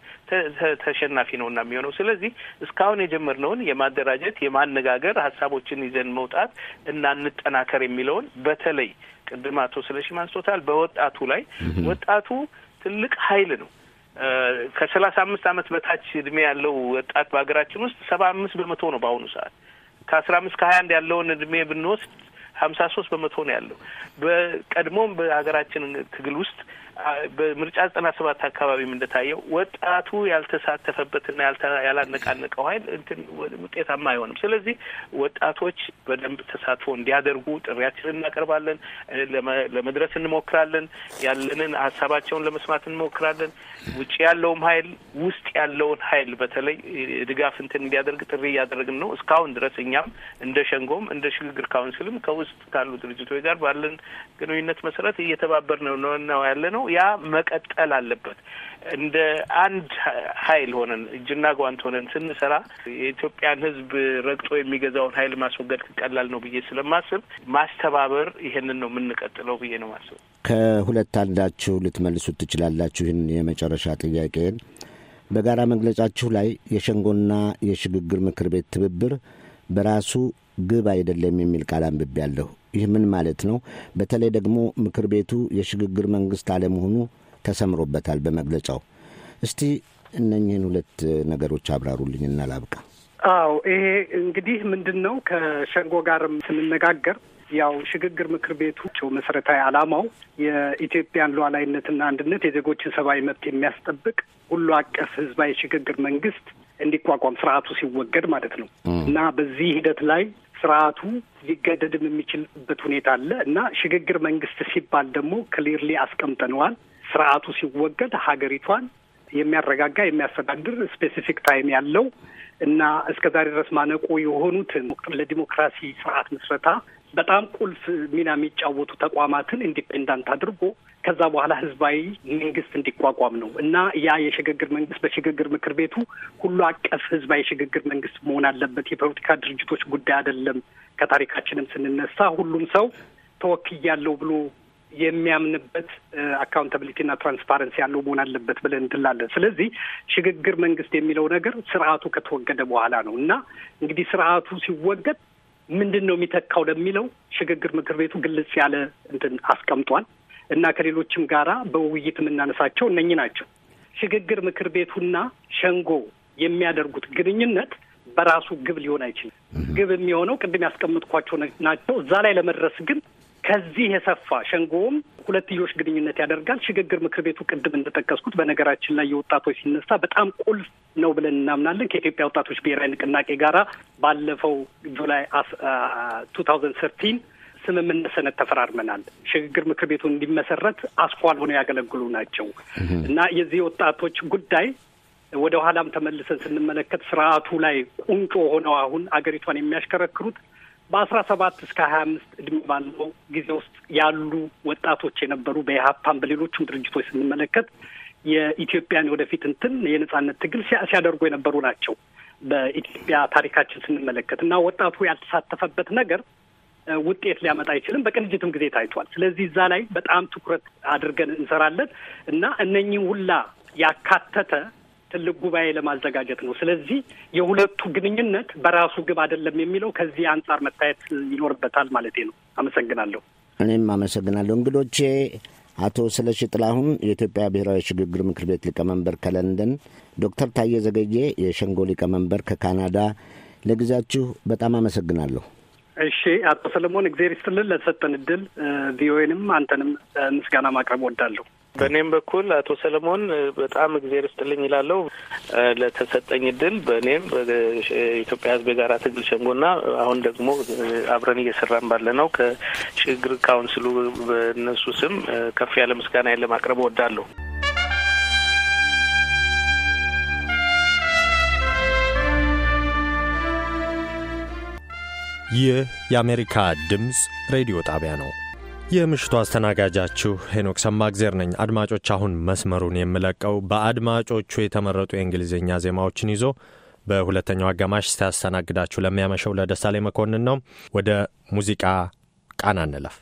[SPEAKER 5] ተሸናፊ ነው እና የሚሆነው። ስለዚህ እስካሁን የጀመርነውን የማደራጀት የማነጋገር ሀሳቦችን ይዘን መውጣት እና እንጠናከር የሚለውን በተለይ ቅድም አቶ ስለሺ ማንስቶታል በወጣቱ ላይ ወጣቱ ትልቅ ኃይል ነው። ከሰላሳ አምስት ዓመት በታች እድሜ ያለው ወጣት በሀገራችን ውስጥ ሰባ አምስት በመቶ ነው በአሁኑ ሰዓት። ከአስራ አምስት ከሀያ አንድ ያለውን እድሜ ብንወስድ ሀምሳ ሶስት በመቶ ነው ያለው። በቀድሞም በሀገራችን ትግል ውስጥ በምርጫ ዘጠና ሰባት አካባቢም እንደታየው ወጣቱ ያልተሳተፈበትና ያላነቃነቀው ኃይል እንትን ውጤታማ አይሆንም። ስለዚህ ወጣቶች በደንብ ተሳትፎ እንዲያደርጉ ጥሪያችንን እናቀርባለን። ለመድረስ እንሞክራለን። ያለንን ሀሳባቸውን ለመስማት እንሞክራለን። ውጭ ያለውም ኃይል ውስጥ ያለውን ኃይል በተለይ ድጋፍ እንትን እንዲያደርግ ጥሪ እያደረግን ነው። እስካሁን ድረስ እኛም እንደ ሸንጎም እንደ ሽግግር ካውንስልም ከውስጥ ካሉ ድርጅቶች ጋር ባለን ግንኙነት መሰረት እየተባበር ነው ነው ያለ ነው። ነው። ያ መቀጠል አለበት። እንደ አንድ ኃይል ሆነን እጅና ጓንት ሆነን ስንሰራ የኢትዮጵያን ሕዝብ ረግጦ የሚገዛውን ኃይል ማስወገድ ቀላል ነው ብዬ ስለማስብ ማስተባበር ይሄንን ነው የምንቀጥለው ብዬ ነው ማስብ።
[SPEAKER 4] ከሁለት አንዳችሁ ልትመልሱት ትችላላችሁ ይህን የመጨረሻ ጥያቄን። በጋራ መግለጫችሁ ላይ የሸንጎና የሽግግር ምክር ቤት ትብብር በራሱ ግብ አይደለም የሚል ቃል አንብቤያለሁ። ይህ ምን ማለት ነው? በተለይ ደግሞ ምክር ቤቱ የሽግግር መንግስት አለመሆኑ ተሰምሮበታል በመግለጫው። እስቲ እነኝህን ሁለት ነገሮች አብራሩልኝ እና ላብቃ።
[SPEAKER 3] አዎ ይሄ እንግዲህ ምንድን ነው ከሸንጎ ጋርም ስንነጋገር ያው ሽግግር ምክር ቤቱ መሰረታዊ ዓላማው የኢትዮጵያን ሉዓላዊነትና አንድነት የዜጎችን ሰብአዊ መብት የሚያስጠብቅ ሁሉ አቀፍ ህዝባዊ ሽግግር መንግስት እንዲቋቋም ስርዓቱ ሲወገድ ማለት ነው እና በዚህ ሂደት ላይ ስርዓቱ ሊገደድም የሚችልበት ሁኔታ አለ እና ሽግግር መንግስት ሲባል ደግሞ ክሊርሊ አስቀምጠነዋል። ስርዓቱ ሲወገድ ሀገሪቷን የሚያረጋጋ የሚያስተዳድር ስፔሲፊክ ታይም ያለው እና እስከ ዛሬ ድረስ ማነቆ የሆኑትን ለዲሞክራሲ ስርዓት ምስረታ በጣም ቁልፍ ሚና የሚጫወቱ ተቋማትን ኢንዲፔንዳንት አድርጎ ከዛ በኋላ ህዝባዊ መንግስት እንዲቋቋም ነው እና ያ የሽግግር መንግስት በሽግግር ምክር ቤቱ ሁሉ አቀፍ ህዝባዊ የሽግግር መንግስት መሆን አለበት። የፖለቲካ ድርጅቶች ጉዳይ አይደለም። ከታሪካችንም ስንነሳ ሁሉም ሰው ተወክያለሁ ብሎ የሚያምንበት እና ትራንስፓረንሲ ያለው መሆን አለበት ብለን እንትላለን። ስለዚህ ሽግግር መንግስት የሚለው ነገር ስርዓቱ ከተወገደ በኋላ ነው እና እንግዲህ ስርዓቱ ሲወገድ ምንድን ነው የሚተካው ለሚለው ሽግግር ምክር ቤቱ ግልጽ ያለ እንትን አስቀምጧል። እና ከሌሎችም ጋራ በውይይት የምናነሳቸው እነኚህ ናቸው። ሽግግር ምክር ቤቱና ሸንጎ የሚያደርጉት ግንኙነት በራሱ ግብ ሊሆን አይችልም። ግብ የሚሆነው ቅድም ያስቀምጥኳቸው ናቸው። እዛ ላይ ለመድረስ ግን ከዚህ የሰፋ ሸንጎውም ሁለትዮሽ ግንኙነት ያደርጋል። ሽግግር ምክር ቤቱ ቅድም እንደጠቀስኩት በነገራችን ላይ የወጣቶች ሲነሳ በጣም ቁልፍ ነው ብለን እናምናለን። ከኢትዮጵያ ወጣቶች ብሔራዊ ንቅናቄ ጋራ ባለፈው ጁላይ ቱ ታውዘንድ ሰርቲን ስምምነት ሰነድ ተፈራርመናል። ሽግግር ምክር ቤቱ እንዲመሰረት አስኳል ሆነው ያገለግሉ ናቸው እና የዚህ ወጣቶች ጉዳይ ወደ ኋላም ተመልሰን ስንመለከት ስርዓቱ ላይ ቁንጮ ሆነው አሁን አገሪቷን የሚያሽከረክሩት በአስራ ሰባት እስከ ሀያ አምስት እድሜ ባለው ጊዜ ውስጥ ያሉ ወጣቶች የነበሩ በኢህአፓም በሌሎችም ድርጅቶች ስንመለከት የኢትዮጵያን ወደፊት እንትን የነጻነት ትግል ሲያደርጉ የነበሩ ናቸው። በኢትዮጵያ ታሪካችን ስንመለከት እና ወጣቱ ያልተሳተፈበት ነገር ውጤት ሊያመጣ አይችልም። በቅንጅትም ጊዜ ታይቷል። ስለዚህ እዛ ላይ በጣም ትኩረት አድርገን እንሰራለን እና እነኚህ ሁላ ያካተተ ትልቅ ጉባኤ ለማዘጋጀት ነው። ስለዚህ የሁለቱ ግንኙነት በራሱ ግብ አይደለም የሚለው ከዚህ አንጻር መታየት ይኖርበታል ማለት ነው። አመሰግናለሁ።
[SPEAKER 4] እኔም አመሰግናለሁ። እንግዶቼ አቶ ስለሺ ጥላሁን የኢትዮጵያ ብሔራዊ ሽግግር ምክር ቤት ሊቀመንበር ከለንደን፣ ዶክተር ታዬ ዘገዬ የሸንጎ ሊቀመንበር ከካናዳ፣ ለጊዜያችሁ በጣም አመሰግናለሁ።
[SPEAKER 3] እሺ አቶ ሰለሞን እግዜር ይስጥልን ለተሰጠን እድል ቪኦኤንም አንተንም ምስጋና ማቅረብ
[SPEAKER 5] ወዳለሁ። በእኔም በኩል አቶ ሰለሞን በጣም እግዜር ይስጥልኝ ይላለው ለተሰጠኝ እድል በእኔም በኢትዮጵያ ህዝብ የጋራ ትግል ና አሁን ደግሞ አብረን እየሰራን ባለ ነው ከሽግግር ካውንስሉ በእነሱ ስም ከፍ ያለ ምስጋና ማቅረብ ወዳለሁ።
[SPEAKER 1] ይህ የአሜሪካ ድምፅ ሬዲዮ ጣቢያ ነው። የምሽቱ አስተናጋጃችሁ ሄኖክ ሰማግዜር ነኝ። አድማጮች፣ አሁን መስመሩን የምለቀው በአድማጮቹ የተመረጡ የእንግሊዝኛ ዜማዎችን ይዞ በሁለተኛው አጋማሽ ሲያስተናግዳችሁ ለሚያመሸው ለደሳሌ መኮንን ነው። ወደ ሙዚቃ ቃና እንለፍ።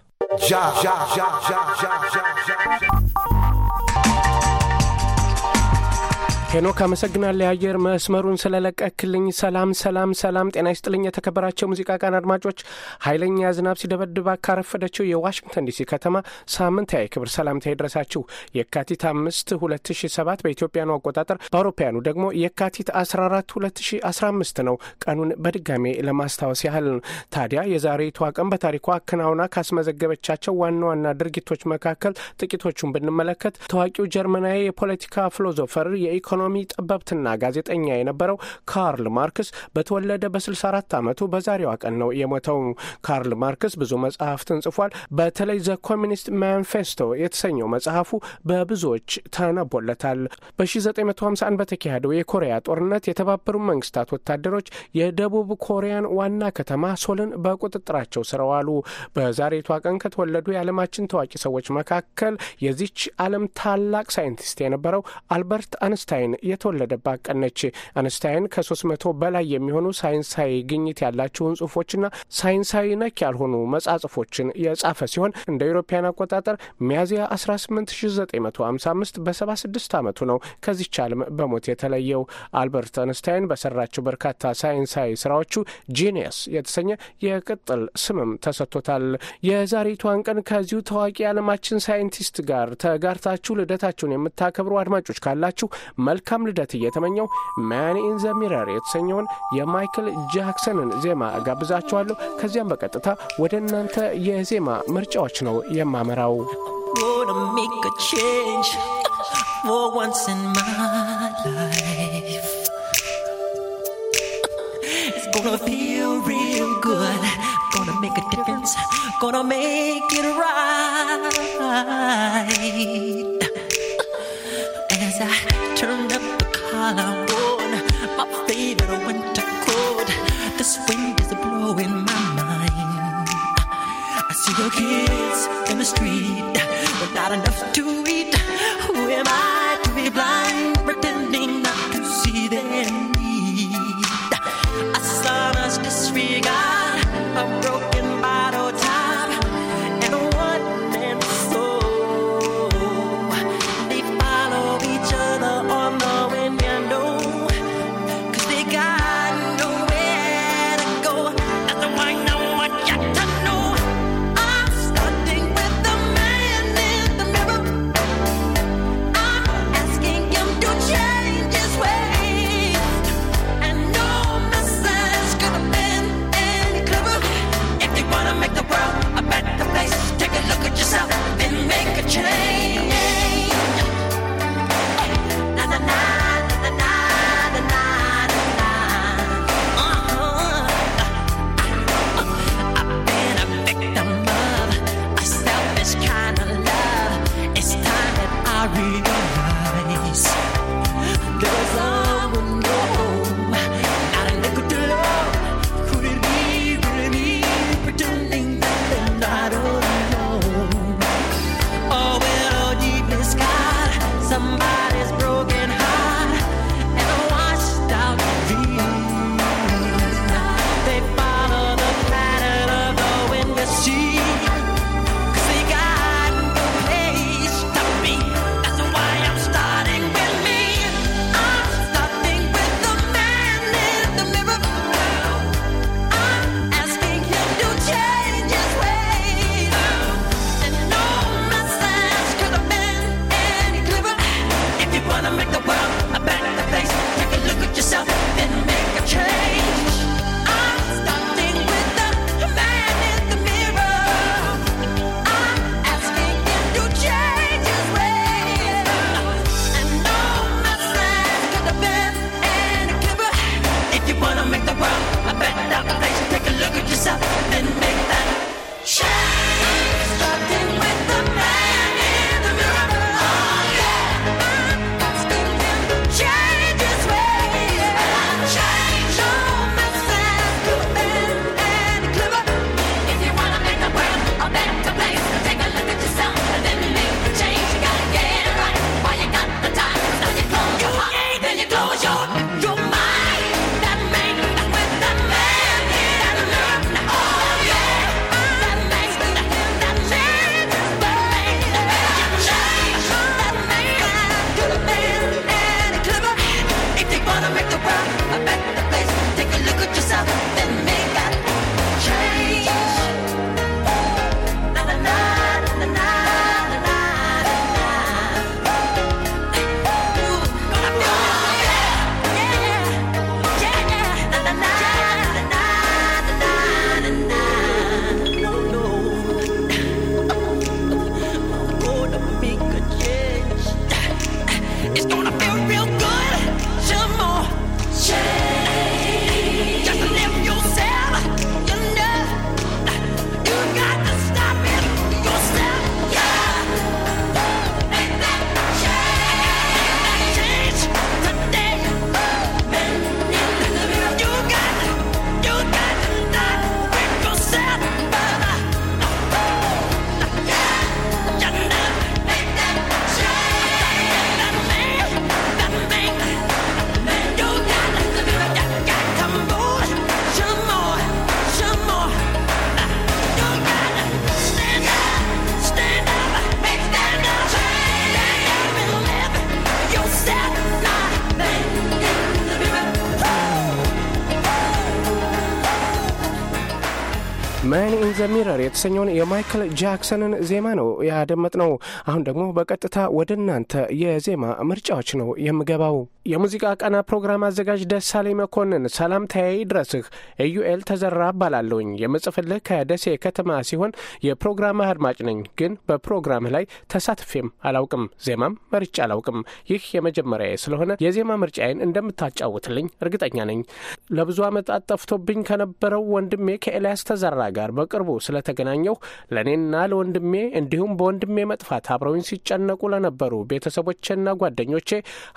[SPEAKER 6] ሄኖክ አመሰግናለሁ የአየር መስመሩን ስለለቀክልኝ። ሰላም ሰላም ሰላም፣ ጤና ይስጥልኝ የተከበራቸው ሙዚቃ ቃን አድማጮች። ኃይለኛ ዝናብ ሲደበድባ ካረፈደችው የዋሽንግተን ዲሲ ከተማ ሳምንታዊ ክብር ሰላምታ ይድረሳችሁ። የካቲት አምስት ሁለት ሺ ሰባት በኢትዮጵያኑ አቆጣጠር በአውሮፓያኑ ደግሞ የካቲት አስራ አራት ሁለት ሺ አስራ አምስት ነው። ቀኑን በድጋሜ ለማስታወስ ያህል ታዲያ የዛሬቷ ቀን በታሪኳ አከናውና ካስመዘገበቻቸው ዋና ዋና ድርጊቶች መካከል ጥቂቶቹን ብንመለከት ታዋቂው ጀርመናዊ የፖለቲካ ፊሎዞፈር የኢኮኖ የኢኮኖሚ ጠበብትና ጋዜጠኛ የነበረው ካርል ማርክስ በተወለደ በ64 ዓመቱ በዛሬዋ ቀን ነው የሞተው። ካርል ማርክስ ብዙ መጽሐፍትን ጽፏል። በተለይ ዘ ኮሚኒስት ማንፌስቶ የተሰኘው መጽሐፉ በብዙዎች ተነቦለታል። በ1951 በተካሄደው የኮሪያ ጦርነት የተባበሩ መንግስታት ወታደሮች የደቡብ ኮሪያን ዋና ከተማ ሶልን በቁጥጥራቸው ስር አዋሉ። በዛሬቷ ቀን ከተወለዱ የዓለማችን ታዋቂ ሰዎች መካከል የዚች ዓለም ታላቅ ሳይንቲስት የነበረው አልበርት አንስታይን አነስታይን የተወለደባት ቀን ነች። አነስታይን ከሶስት መቶ በላይ የሚሆኑ ሳይንሳዊ ግኝት ያላቸውን ጽሁፎችና ሳይንሳዊ ነክ ያልሆኑ መጻጽፎችን የጻፈ ሲሆን እንደ አውሮፓውያን አቆጣጠር ሚያዝያ 18955 በ76 ዓመቱ ነው ከዚች ዓለም በሞት የተለየው። አልበርት አነስታይን በሰራቸው በርካታ ሳይንሳዊ ስራዎቹ ጂኒየስ የተሰኘ የቅጥል ስምም ተሰጥቶታል። የዛሬቷን ቀን ከዚሁ ታዋቂ የዓለማችን ሳይንቲስት ጋር ተጋርታችሁ ልደታችሁን የምታከብሩ አድማጮች ካላችሁ መልካም ልደት እየተመኘው ማን ኢን ዘ ሚረር የተሰኘውን የማይክል ጃክሰንን ዜማ ጋብዛችኋለሁ። ከዚያም በቀጥታ ወደ እናንተ የዜማ ምርጫዎች ነው የማመራው።
[SPEAKER 7] Gonna feel real good. Gonna make a difference. Gonna make it right. As I turn all I want. My favorite winter coat. This wind is blowing my mind. I see the kids in the street, but not enough to eat. Who am I to be blind?
[SPEAKER 6] man. ኢን ዘ ሚረር የተሰኘውን የማይክል ጃክሰንን ዜማ ነው ያደመጥነው። አሁን ደግሞ በቀጥታ ወደ እናንተ የዜማ ምርጫዎች ነው የምገባው። የሙዚቃ ቀና ፕሮግራም አዘጋጅ ደሳሌ መኮንን ሰላምታዬ ድረስህ ኤዩኤል ተዘራ እባላለሁኝ። የምጽፍልህ ከደሴ ከተማ ሲሆን የፕሮግራም አድማጭ ነኝ፣ ግን በፕሮግራምህ ላይ ተሳትፌም አላውቅም፣ ዜማም መርጬ አላውቅም። ይህ የመጀመሪያ ስለሆነ የዜማ ምርጫዬን እንደምታጫውትልኝ እርግጠኛ ነኝ። ለብዙ ዓመት አጠፍቶብኝ ከነበረው ወንድሜ ከኤልያስ ተዘራ ጋር በቅርቡ በቅርቡ ስለተገናኘሁ ለእኔና ለወንድሜ እንዲሁም በወንድሜ መጥፋት አብረውኝ ሲጨነቁ ለነበሩ ቤተሰቦቼና ጓደኞቼ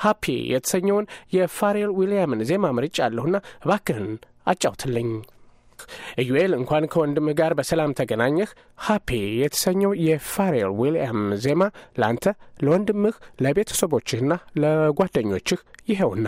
[SPEAKER 6] ሀፒ የተሰኘውን የፋሬል ዊልያምን ዜማ ምርጫ አለሁና እባክህን አጫውትልኝ። ኢዩኤል እንኳን ከወንድምህ ጋር በሰላም ተገናኘህ። ሀፒ የተሰኘው የፋሬል ዊልያም ዜማ ለአንተ፣ ለወንድምህ፣ ለቤተሰቦችህና ለጓደኞችህ ይኸውና።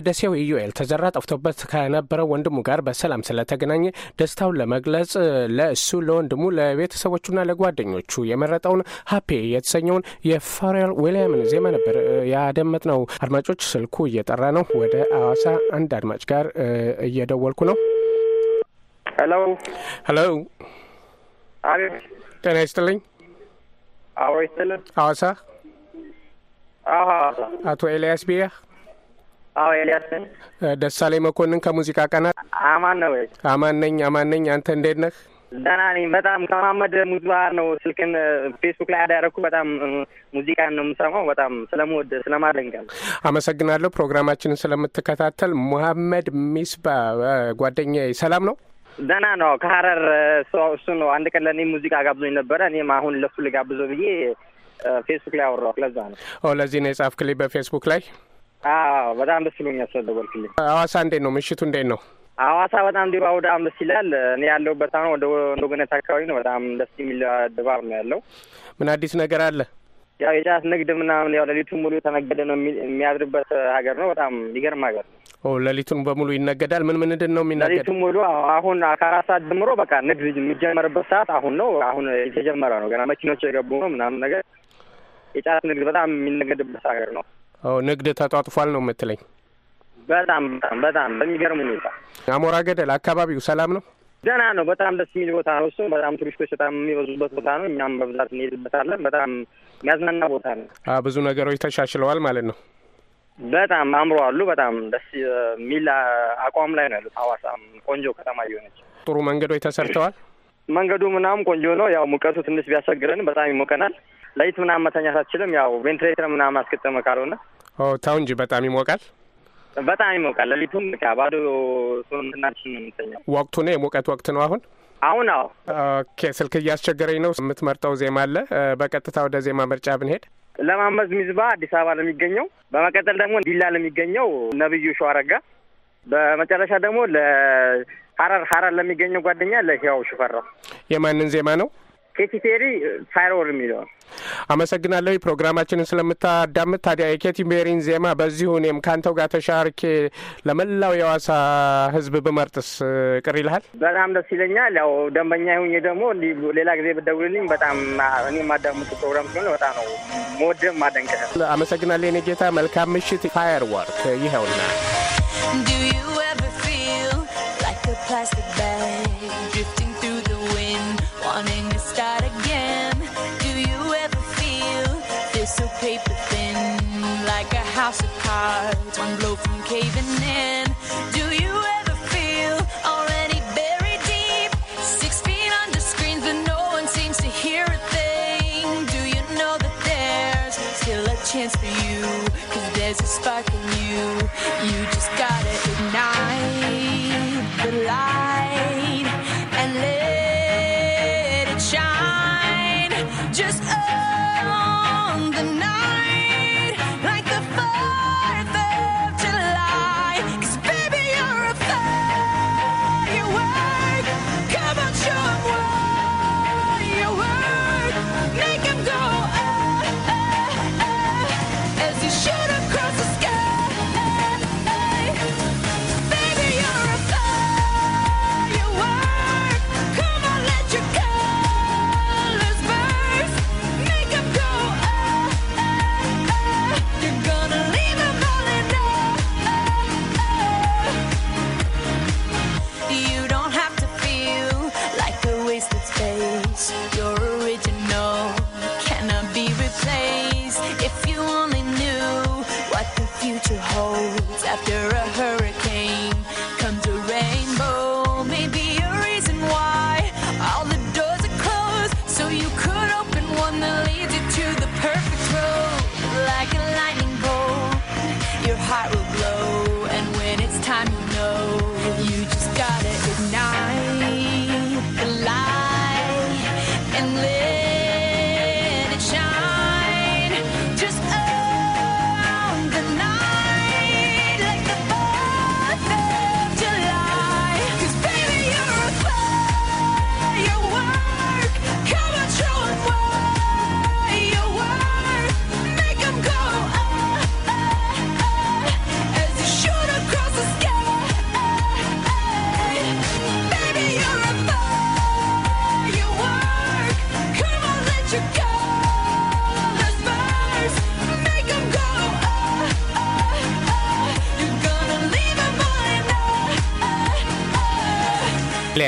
[SPEAKER 6] የደሴው ኢዩኤል ተዘራ ጠፍቶበት ከነበረው ወንድሙ ጋር በሰላም ስለተገናኘ ደስታውን ለመግለጽ ለእሱ ለወንድሙ ለቤተሰቦቹና ለጓደኞቹ የመረጠውን ሀፔ የተሰኘውን የፋሬል ዊልያምን ዜማ ነበር ያደመጥ ነው። አድማጮች ስልኩ እየጠራ ነው። ወደ አዋሳ አንድ አድማጭ ጋር እየደወልኩ ነው። ሄሎ ሄሎ፣ ጤና ይስጥልኝ። ይስጥልኝ። አዋሳ አቶ ኤልያስ ቢያ
[SPEAKER 8] አዎ ኤልያስ ነኝ።
[SPEAKER 6] ደሳሌ መኮንን ከሙዚቃ ቀናት አማን ነው አማን ነኝ፣ አማን ነኝ። አንተ እንዴት ነህ?
[SPEAKER 8] ደህና ነኝ በጣም ከማመድ ሙዝ ነው ስልክን ፌስቡክ ላይ አዳረኩ። በጣም ሙዚቃን ነው የምሰማው። በጣም ስለምወድ ስለማደንቃል።
[SPEAKER 6] አመሰግናለሁ ፕሮግራማችንን ስለምትከታተል። ሙሀመድ ሚስባ ጓደኛ ሰላም ነው?
[SPEAKER 8] ደህና ነው። ከሀረር እሱ ነው። አንድ ቀን ለእኔ ሙዚቃ ጋብዞኝ ነበረ። እኔም አሁን ለሱ ልጋብዞ ብዬ ፌስቡክ ላይ አወራሁ። ለዛ ነው።
[SPEAKER 6] ለዚህ ነው የጻፍክልኝ በፌስቡክ ላይ በጣም ደስ ብሎኛል ስለደወልክልኝ። ሐዋሳ እንዴት ነው ምሽቱ? እንዴት ነው
[SPEAKER 8] ሐዋሳ? በጣም ድባቡ በጣም ደስ ይላል። እኔ ያለሁበት አሁን ወደ ወንዶገነት አካባቢ ነው። በጣም ደስ የሚል ድባብ ነው ያለው።
[SPEAKER 6] ምን አዲስ ነገር አለ?
[SPEAKER 8] ያው የጫት ንግድ ምናምን ያው ሌሊቱን ሙሉ የተነገደ ነው የሚያድርበት ሀገር ነው። በጣም ይገርም ሀገር ነው።
[SPEAKER 6] ሌሊቱን በሙሉ ይነገዳል። ምን ምንድን ነው የሚነገድ? ሌሊቱን
[SPEAKER 8] ሙሉ አሁን ከአራት ሰዓት ጀምሮ በቃ ንግድ የሚጀመርበት ሰዓት አሁን ነው። አሁን የተጀመረ ነው። ገና መኪኖች የገቡ ነው ምናምን ነገር የጫት ንግድ በጣም የሚነገድበት ሀገር ነው።
[SPEAKER 6] ንግድ ተጧጥፏል ነው የምትለኝ?
[SPEAKER 8] በጣም በጣም በጣም በሚገርም ሁኔታ።
[SPEAKER 6] አሞራ ገደል አካባቢው ሰላም ነው?
[SPEAKER 8] ደህና ነው። በጣም ደስ የሚል ቦታ ነው። እሱም በጣም ቱሪስቶች በጣም የሚበዙበት ቦታ ነው። እኛም በብዛት እንሄድበታለን። በጣም የሚያዝናና ቦታ ነው።
[SPEAKER 6] ብዙ ነገሮች ተሻሽለዋል ማለት ነው።
[SPEAKER 8] በጣም አምሮ አሉ። በጣም ደስ የሚል አቋም ላይ ነው ያሉት። ሀዋሳም ቆንጆ ከተማ እየሆነች
[SPEAKER 6] ጥሩ መንገዶች ተሰርተዋል።
[SPEAKER 8] መንገዱ ምናምን ቆንጆ ነው። ያው ሙቀቱ ትንሽ ቢያስቸግረን በጣም ይሞቀናል። ለይት ምናምን መተኛት አትችልም። ያው ቬንትሬተር ምናምን አስገጠመ ካልሆነ
[SPEAKER 6] ተው እንጂ በጣም ይሞቃል፣
[SPEAKER 8] በጣም ይሞቃል። ለሊቱም ባዶ ሰውነታችን ነው የምንተኛው።
[SPEAKER 6] ወቅቱ ነው የሙቀት ወቅት ነው አሁን አሁን አዎ። ኦኬ ስልክ እያስቸገረኝ ነው። የምትመርጠው ዜማ አለ? በቀጥታ ወደ ዜማ ምርጫ ብንሄድ
[SPEAKER 8] ለማመዝ ሚዝባ አዲስ አበባ ለሚገኘው፣ በመቀጠል ደግሞ ዲላ ለሚገኘው ነብዩ ሸዋረጋ፣ በመጨረሻ ደግሞ ለሀረር ሀረር ለሚገኘው ጓደኛ ለህያው ሽፈራው።
[SPEAKER 6] የማንን ዜማ ነው? ኬቲ ፔሪ ፋይርወር የሚለዋል። አመሰግናለሁ ፕሮግራማችንን ስለምታዳምጥ። ታዲያ የኬቲ ፔሪን ዜማ በዚሁ እኔም ከአንተው ጋር ተሻርኬ ለመላው የዋሳ ህዝብ ብመርጥስ ቅር ይልሃል?
[SPEAKER 8] በጣም ደስ ይለኛል። ያው ደንበኛ ይሁኝ ደግሞ እንዲህ ሌላ ጊዜ ብደውልልኝ በጣም እኔ የማዳምጡ ፕሮግራም ስለሆነ በጣም ነው መወድም ማደንቀል።
[SPEAKER 6] አመሰግናለሁ የኔ ጌታ። መልካም ምሽት። ፋየር ወርክ ይኸውና
[SPEAKER 9] Do you ever feel like a plastic paper thin, like a house of cards, one blow from caving in. Do you ever feel already buried deep? Six feet under screens, but no one seems to hear a thing. Do you know that there's still a chance for you? Cause there's a spark in you. You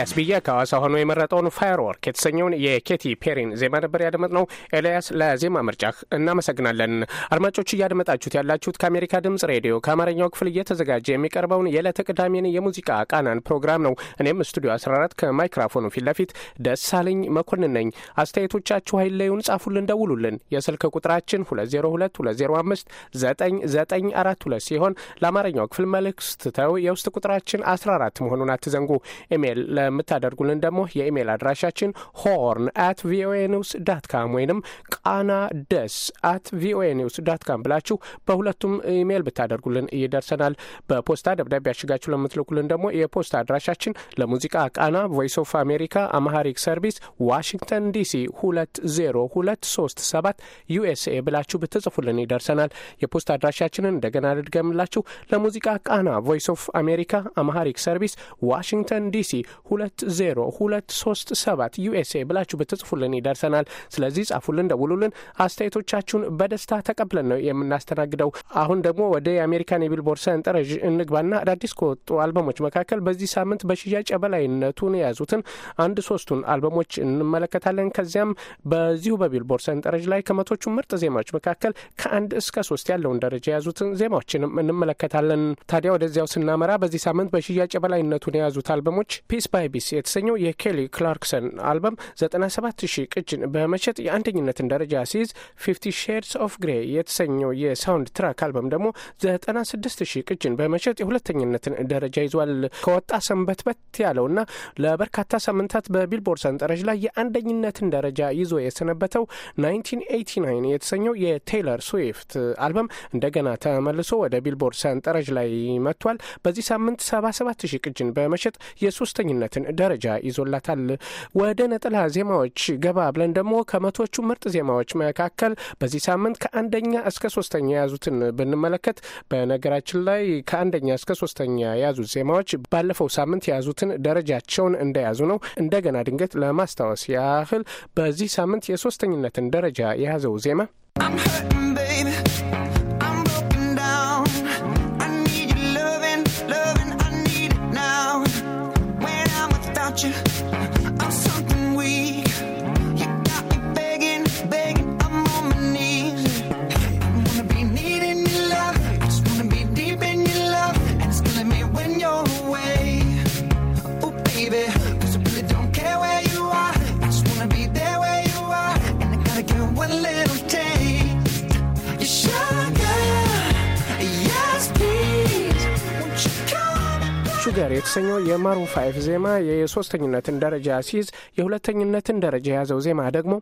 [SPEAKER 6] ኤልያስ ብያ ከሐዋሳ ሆኖ የመረጠውን ፋየርወርክ የተሰኘውን የኬቲ ፔሪን ዜማ ነበር ያደመጥነው። ኤልያስ ለዜማ ምርጫህ እናመሰግናለን። አድማጮች እያደመጣችሁት ያላችሁት ከአሜሪካ ድምጽ ሬዲዮ ከአማርኛው ክፍል እየተዘጋጀ የሚቀርበውን የዕለተ ቅዳሜን የሙዚቃ ቃናን ፕሮግራም ነው። እኔም ስቱዲዮ 14 ከማይክራፎኑ ፊት ለፊት ደሳለኝ መኮንን ነኝ። አስተያየቶቻችሁ ኃይለዩን ጻፉልን፣ ደውሉልን። የስልክ ቁጥራችን 2022059942 ሲሆን ለአማርኛው ክፍል መልእክት ስትተው የውስጥ ቁጥራችን 14 መሆኑን አትዘንጉ። ኢሜይል ለምታደርጉልን ደግሞ የኢሜይል አድራሻችን ሆርን አት ቪኦኤ ኒውስ ዳት ካም ወይንም ቃና ደስ አት ቪኦኤ ኒውስ ዳት ካም ብላችሁ በሁለቱም ኢሜይል ብታደርጉልን ይደርሰናል። በፖስታ ደብዳቤ ያሽጋችሁ ለምትልኩልን ደግሞ የፖስታ አድራሻችን ለሙዚቃ ቃና ቮይስ ኦፍ አሜሪካ አማሃሪክ ሰርቪስ ዋሽንግተን ዲሲ ሰባት ዩኤስኤ ብላችሁ ብትጽፉልን ይደርሰናል። የፖስታ አድራሻችንን እንደገና ልድገምላችሁ። ለሙዚቃ ቃና ቮይስ ኦፍ አሜሪካ አማሃሪክ ሰርቪስ ዋሽንግተን ዲሲ ሁለት ዜሮ ሁለት ሶስት ሰባት ዩኤስኤ ብላችሁ ብትጽፉልን ይደርሰናል። ስለዚህ ጻፉልን፣ ደውሉልን። አስተያየቶቻችሁን በደስታ ተቀብለን ነው የምናስተናግደው። አሁን ደግሞ ወደ የአሜሪካን የቢልቦርድ ሰንጠረዥ እንግባና አዳዲስ ከወጡ አልበሞች መካከል በዚህ ሳምንት በሽያጭ የበላይነቱን የያዙትን አንድ ሶስቱን አልበሞች እንመለከታለን። ከዚያም በዚሁ በቢልቦርድ ሰንጠረዥ ላይ ከመቶቹ ምርጥ ዜማዎች መካከል ከአንድ እስከ ሶስት ያለውን ደረጃ የያዙትን ዜማዎችንም እንመለከታለን። ታዲያ ወደዚያው ስናመራ በዚህ ሳምንት በሽያጭ የበላይነቱን የያዙት አልበሞች ፒስ ባይ ኤቢሲ የተሰኘው የኬሊ ክላርክሰን አልበም 97000 ቅጅን በመሸጥ የአንደኝነትን ደረጃ ሲይዝ ፊፍቲ ሼድስ ኦፍ ግሬ የተሰኘው የሳውንድ ትራክ አልበም ደግሞ 96000 ቅጅን በመሸጥ የሁለተኝነትን ደረጃ ይዟል። ከወጣ በት ያለውና ለበርካታ ሳምንታት በቢልቦርድ ሰንጠረዥ ላይ የአንደኝነትን ደረጃ ይዞ የሰነበተው 1989 የተሰኘው የቴይለር ስዊፍት አልበም እንደገና ተመልሶ ወደ ቢልቦርድ ሰንጠረዥ ላይ መጥቷል። በዚህ ሳምንት 77 ሺህ ቅጅን በመሸጥ የሶስተኝነትን የዜማዎችን ደረጃ ይዞላታል። ወደ ነጠላ ዜማዎች ገባ ብለን ደግሞ ከመቶቹ ምርጥ ዜማዎች መካከል በዚህ ሳምንት ከአንደኛ እስከ ሶስተኛ የያዙትን ብንመለከት በነገራችን ላይ ከአንደኛ እስከ ሶስተኛ የያዙት ዜማዎች ባለፈው ሳምንት የያዙትን ደረጃቸውን እንደያዙ ነው። እንደገና ድንገት ለማስታወስ ያህል በዚህ ሳምንት የሶስተኝነትን ደረጃ የያዘው ዜማ you ሹገር የተሰኘው የማሩ ፋይፍ ዜማ የሶስተኝነትን ደረጃ ሲይዝ፣ የሁለተኝነትን ደረጃ የያዘው ዜማ ደግሞ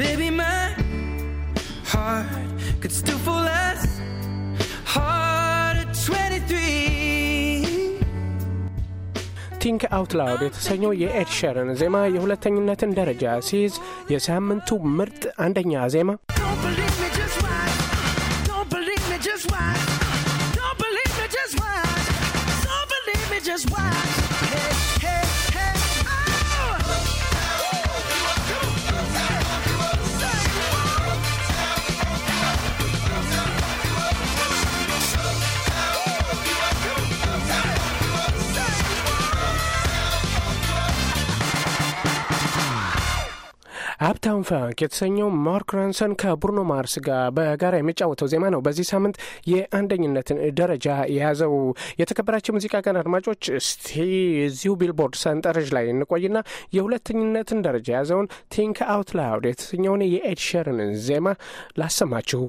[SPEAKER 10] baby, my heart could still fall less.
[SPEAKER 6] ቲንክ አውት ላውድ የተሰኘው የኤድ ዜማ የሁለተኝነትን ደረጃ ሲይዝ የሳምንቱ ምርጥ አንደኛ ዜማ ታውን ፋንክ የተሰኘው ማርክ ራንሰን ከቡርኖ ማርስ ጋር በጋራ የሚጫወተው ዜማ ነው በዚህ ሳምንት የአንደኝነትን ደረጃ የያዘው። የተከበራቸው ሙዚቃ ቀን አድማጮች፣ እስቲ እዚሁ ቢልቦርድ ሰንጠረዥ ላይ እንቆይና የሁለተኝነትን ደረጃ የያዘውን ቲንክ አውት ላውድ የተሰኘውን የኤድ ዜማ ላሰማችሁ።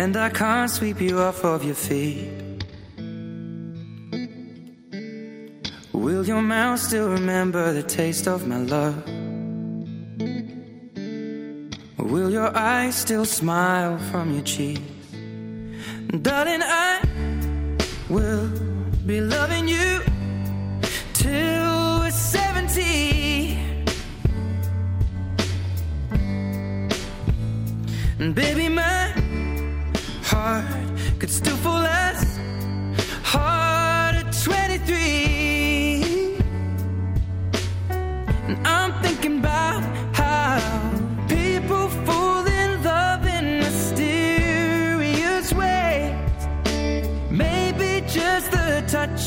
[SPEAKER 10] And I can't sweep you off of your feet Will your mouth still remember the taste of my love? will your eyes still smile from your cheek? Darling, I will be loving you till we're 70. And baby, my heart could still fall as hard at 23.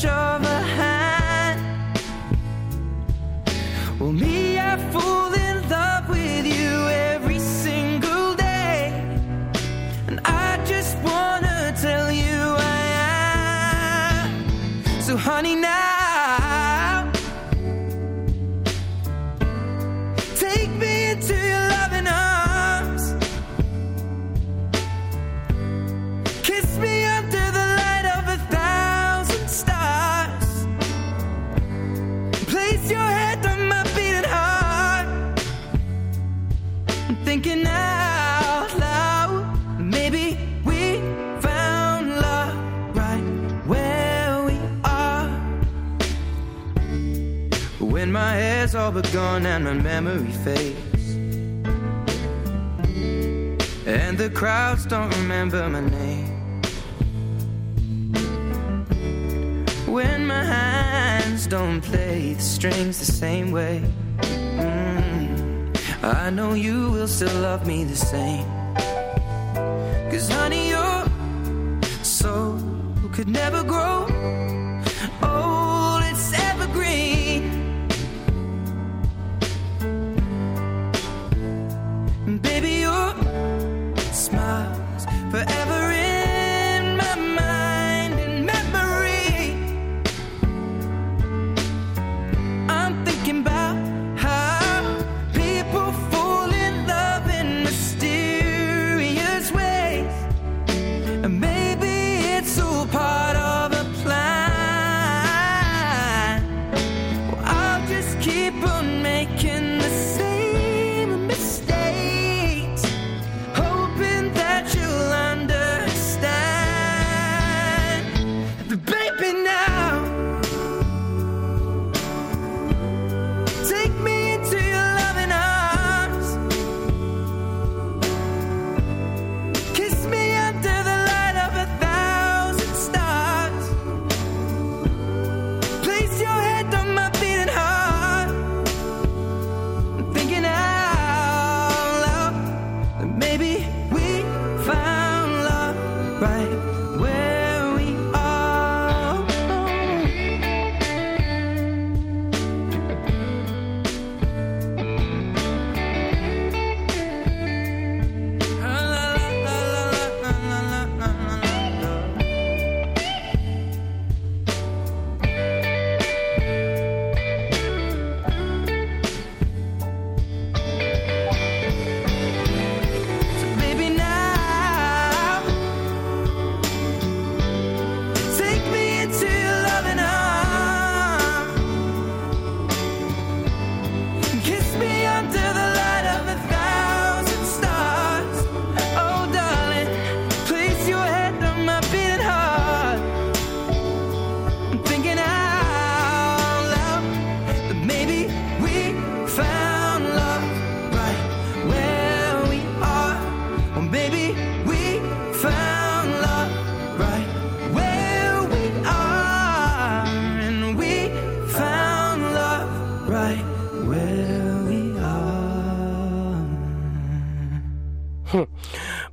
[SPEAKER 10] touch of and my memory fades. And the crowds don't remember my name. When my hands don't play the strings the same way, mm, I know you will still love me the same. Cause honey, your soul could never grow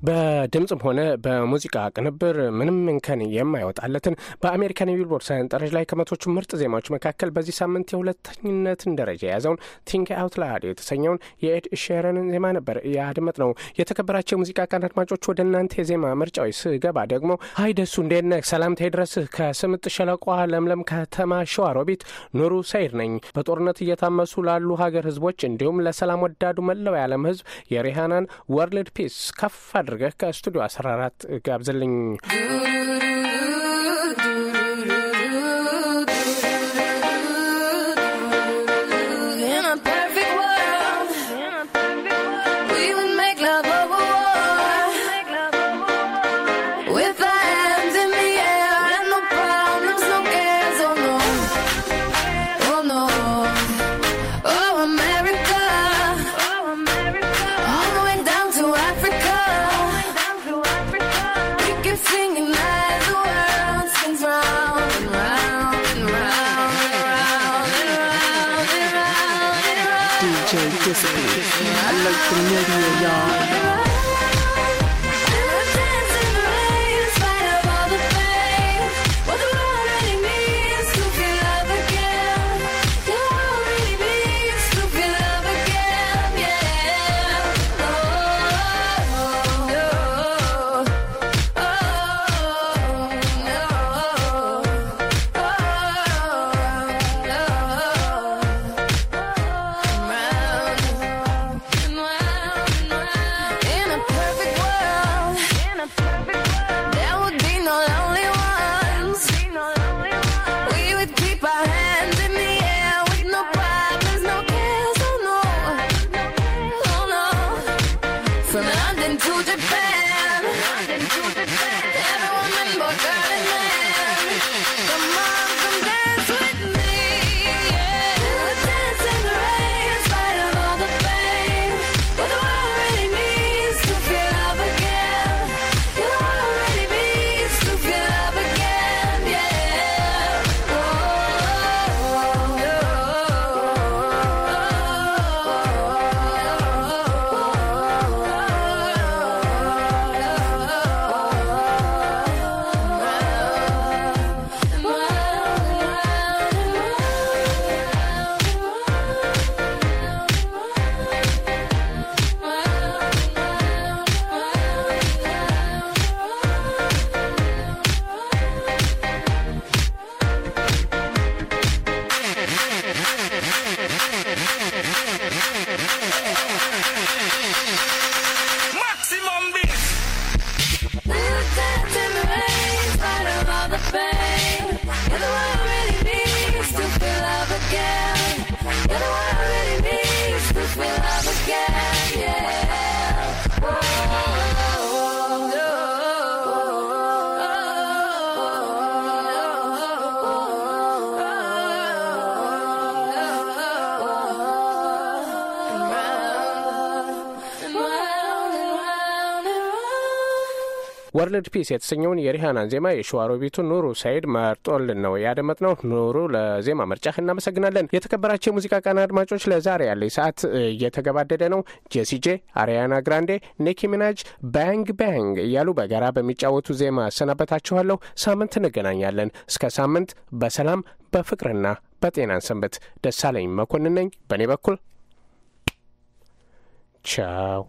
[SPEAKER 6] በድምፅም ሆነ በሙዚቃ ቅንብር ምንም እንከን የማይወጣለትን በአሜሪካን የቢልቦርድ ሰንጠረዥ ላይ ከመቶቹ ምርጥ ዜማዎች መካከል በዚህ ሳምንት የሁለተኝነትን ደረጃ የያዘውን ቲንክ አውት ላድ የተሰኘውን የኤድ ሼረንን ዜማ ነበር ያድመጥ ነው። የተከበራቸው የሙዚቃ ቃን አድማጮች፣ ወደ እናንተ የዜማ ምርጫዊ ስገባ ደግሞ ሀይ ደሱ እንዴነ ሰላምታ ይድረስህ ከስምጥ ሸለቋ ለምለም ከተማ ሸዋሮቢት ኑሩ ሰይድ ነኝ። በጦርነት እየታመሱ ላሉ ሀገር ህዝቦች እንዲሁም ለሰላም ወዳዱ መላው የዓለም ህዝብ የሪሃናን ወርልድ ፒስ ከፍ አድርገህ ከስቱዲዮ 14 ጋብዘልኝ። ፒስ የተሰኘውን የሪሃናን ዜማ የሸዋሮቢቱን ኑሩ ሳይድ መርጦልን ነው ያደመጥነው። ኑሩ ለዜማ ምርጫህ እናመሰግናለን። የተከበራቸው የሙዚቃ ቃና አድማጮች ለዛሬ ያለኝ ሰዓት እየተገባደደ ነው። ጄሲጄ፣ አሪያና ግራንዴ፣ ኒኪ ሚናጅ ባንግ ባንግ እያሉ በጋራ በሚጫወቱ ዜማ አሰናበታችኋለሁ። ሳምንት እንገናኛለን። እስከ ሳምንት በሰላም በፍቅርና በጤናን ሰንበት። ደሳለኝ መኮንን ነኝ። በእኔ በኩል ቻው።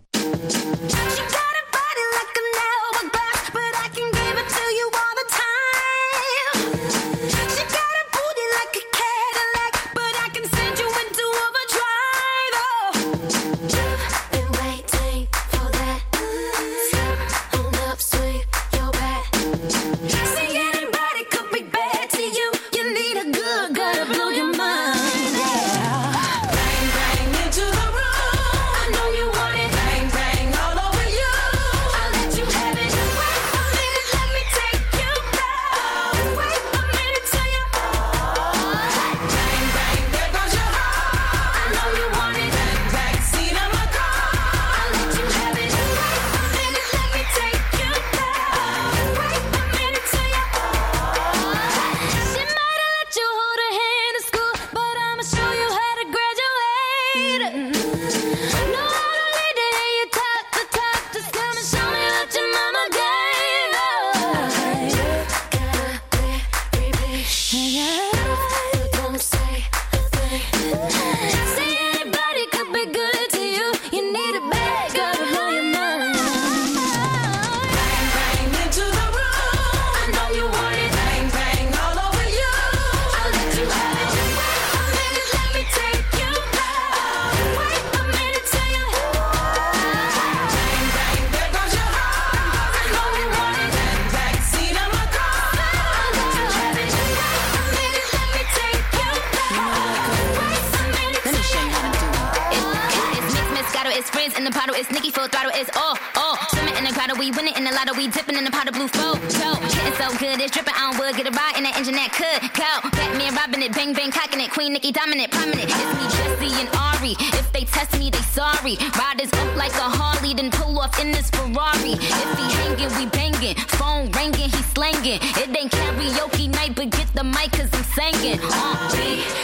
[SPEAKER 10] It's friends in the bottle. It's Nicki full throttle. It's all, all. Swimming in the grotto. We winning in the lotto. We dipping in the pot of blue flow. It's so good. It's dripping. I don't would get a ride in the engine that could go. Batman robbing it. Bang, bang, cocking it. Queen Nicki dominant. Prominent. It's me, Jesse, and Ari. If they test me, they sorry. Riders up like a Harley. Then pull off in this Ferrari. If he hanging, we banging. Phone ringing. He slanging. It ain't karaoke night, but get the mic cause I'm singing. uh,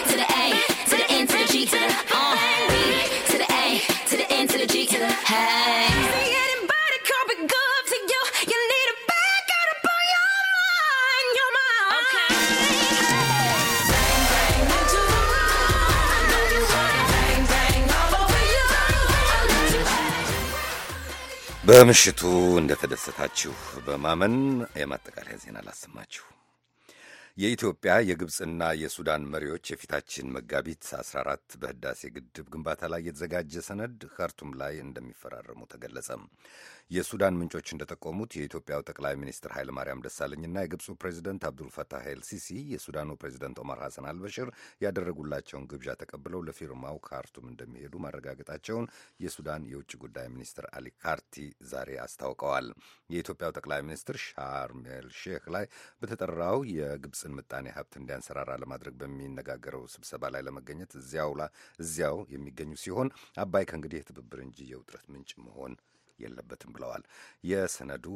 [SPEAKER 10] to the
[SPEAKER 2] በምሽቱ እንደተደሰታችሁ በማመን የማጠቃለያ ዜና ላሰማችሁ። የኢትዮጵያ የግብፅና የሱዳን መሪዎች የፊታችን መጋቢት 14 በህዳሴ ግድብ ግንባታ ላይ የተዘጋጀ ሰነድ ካርቱም ላይ እንደሚፈራረሙ ተገለጸም የሱዳን ምንጮች እንደጠቆሙት የኢትዮጵያው ጠቅላይ ሚኒስትር ኃይለማርያም ደሳለኝና የግብፁ ፕሬዚደንት አብዱልፈታህ ኤልሲሲ የሱዳኑ ፕሬዚደንት ኦማር ሐሰን አልበሽር ያደረጉላቸውን ግብዣ ተቀብለው ለፊርማው ካርቱም እንደሚሄዱ ማረጋገጣቸውን የሱዳን የውጭ ጉዳይ ሚኒስትር አሊ ካርቲ ዛሬ አስታውቀዋል። የኢትዮጵያው ጠቅላይ ሚኒስትር ሻርም ኤል ሼክ ላይ በተጠራው የግብፅን ምጣኔ ሀብት እንዲያንሰራራ ለማድረግ በሚነጋገረው ስብሰባ ላይ ለመገኘት እዚያው የሚገኙ ሲሆን አባይ ከእንግዲህ የትብብር እንጂ የውጥረት ምንጭ መሆን የለበትም ብለዋል። የሰነዱ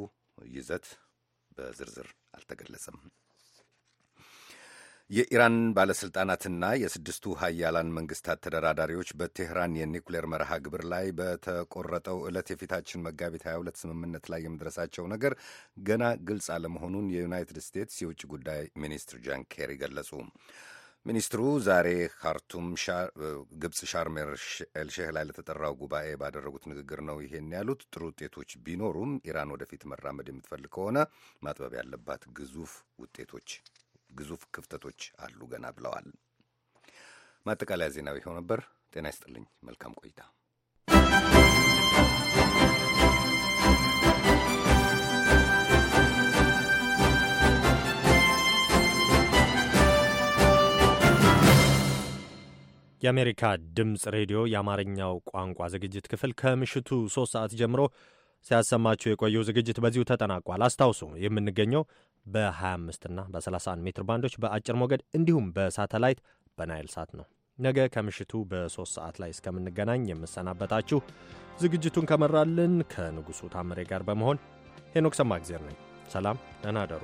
[SPEAKER 2] ይዘት በዝርዝር አልተገለጸም። የኢራን ባለሥልጣናትና የስድስቱ ሀያላን መንግስታት ተደራዳሪዎች በቴህራን የኒኩሌር መርሃ ግብር ላይ በተቆረጠው ዕለት የፊታችን መጋቢት 22 ስምምነት ላይ የመድረሳቸው ነገር ገና ግልጽ አለመሆኑን የዩናይትድ ስቴትስ የውጭ ጉዳይ ሚኒስትር ጃን ኬሪ ገለጹ። ሚኒስትሩ ዛሬ ካርቱም ግብፅ ሻርሜር ኤልሼህ ላይ ለተጠራው ጉባኤ ባደረጉት ንግግር ነው ይሄን ያሉት። ጥሩ ውጤቶች ቢኖሩም ኢራን ወደፊት መራመድ የምትፈልግ ከሆነ ማጥበብ ያለባት ግዙፍ ውጤቶች፣ ግዙፍ ክፍተቶች አሉ ገና ብለዋል። ማጠቃለያ ዜናው ይኸው ነበር። ጤና ይስጥልኝ። መልካም ቆይታ
[SPEAKER 1] የአሜሪካ ድምፅ ሬዲዮ የአማርኛው ቋንቋ ዝግጅት ክፍል ከምሽቱ ሶስት ሰዓት ጀምሮ ሲያሰማችሁ የቆየው ዝግጅት በዚሁ ተጠናቋል። አስታውሱ የምንገኘው በ25 እና በ31 ሜትር ባንዶች በአጭር ሞገድ እንዲሁም በሳተላይት በናይል ሳት ነው። ነገ ከምሽቱ በሶስት ሰዓት ላይ እስከምንገናኝ የምሰናበታችሁ ዝግጅቱን ከመራልን ከንጉሡ ታምሬ ጋር በመሆን ሄኖክ ሰማግዜር ነኝ። ሰላም፣ ደህና አደሩ።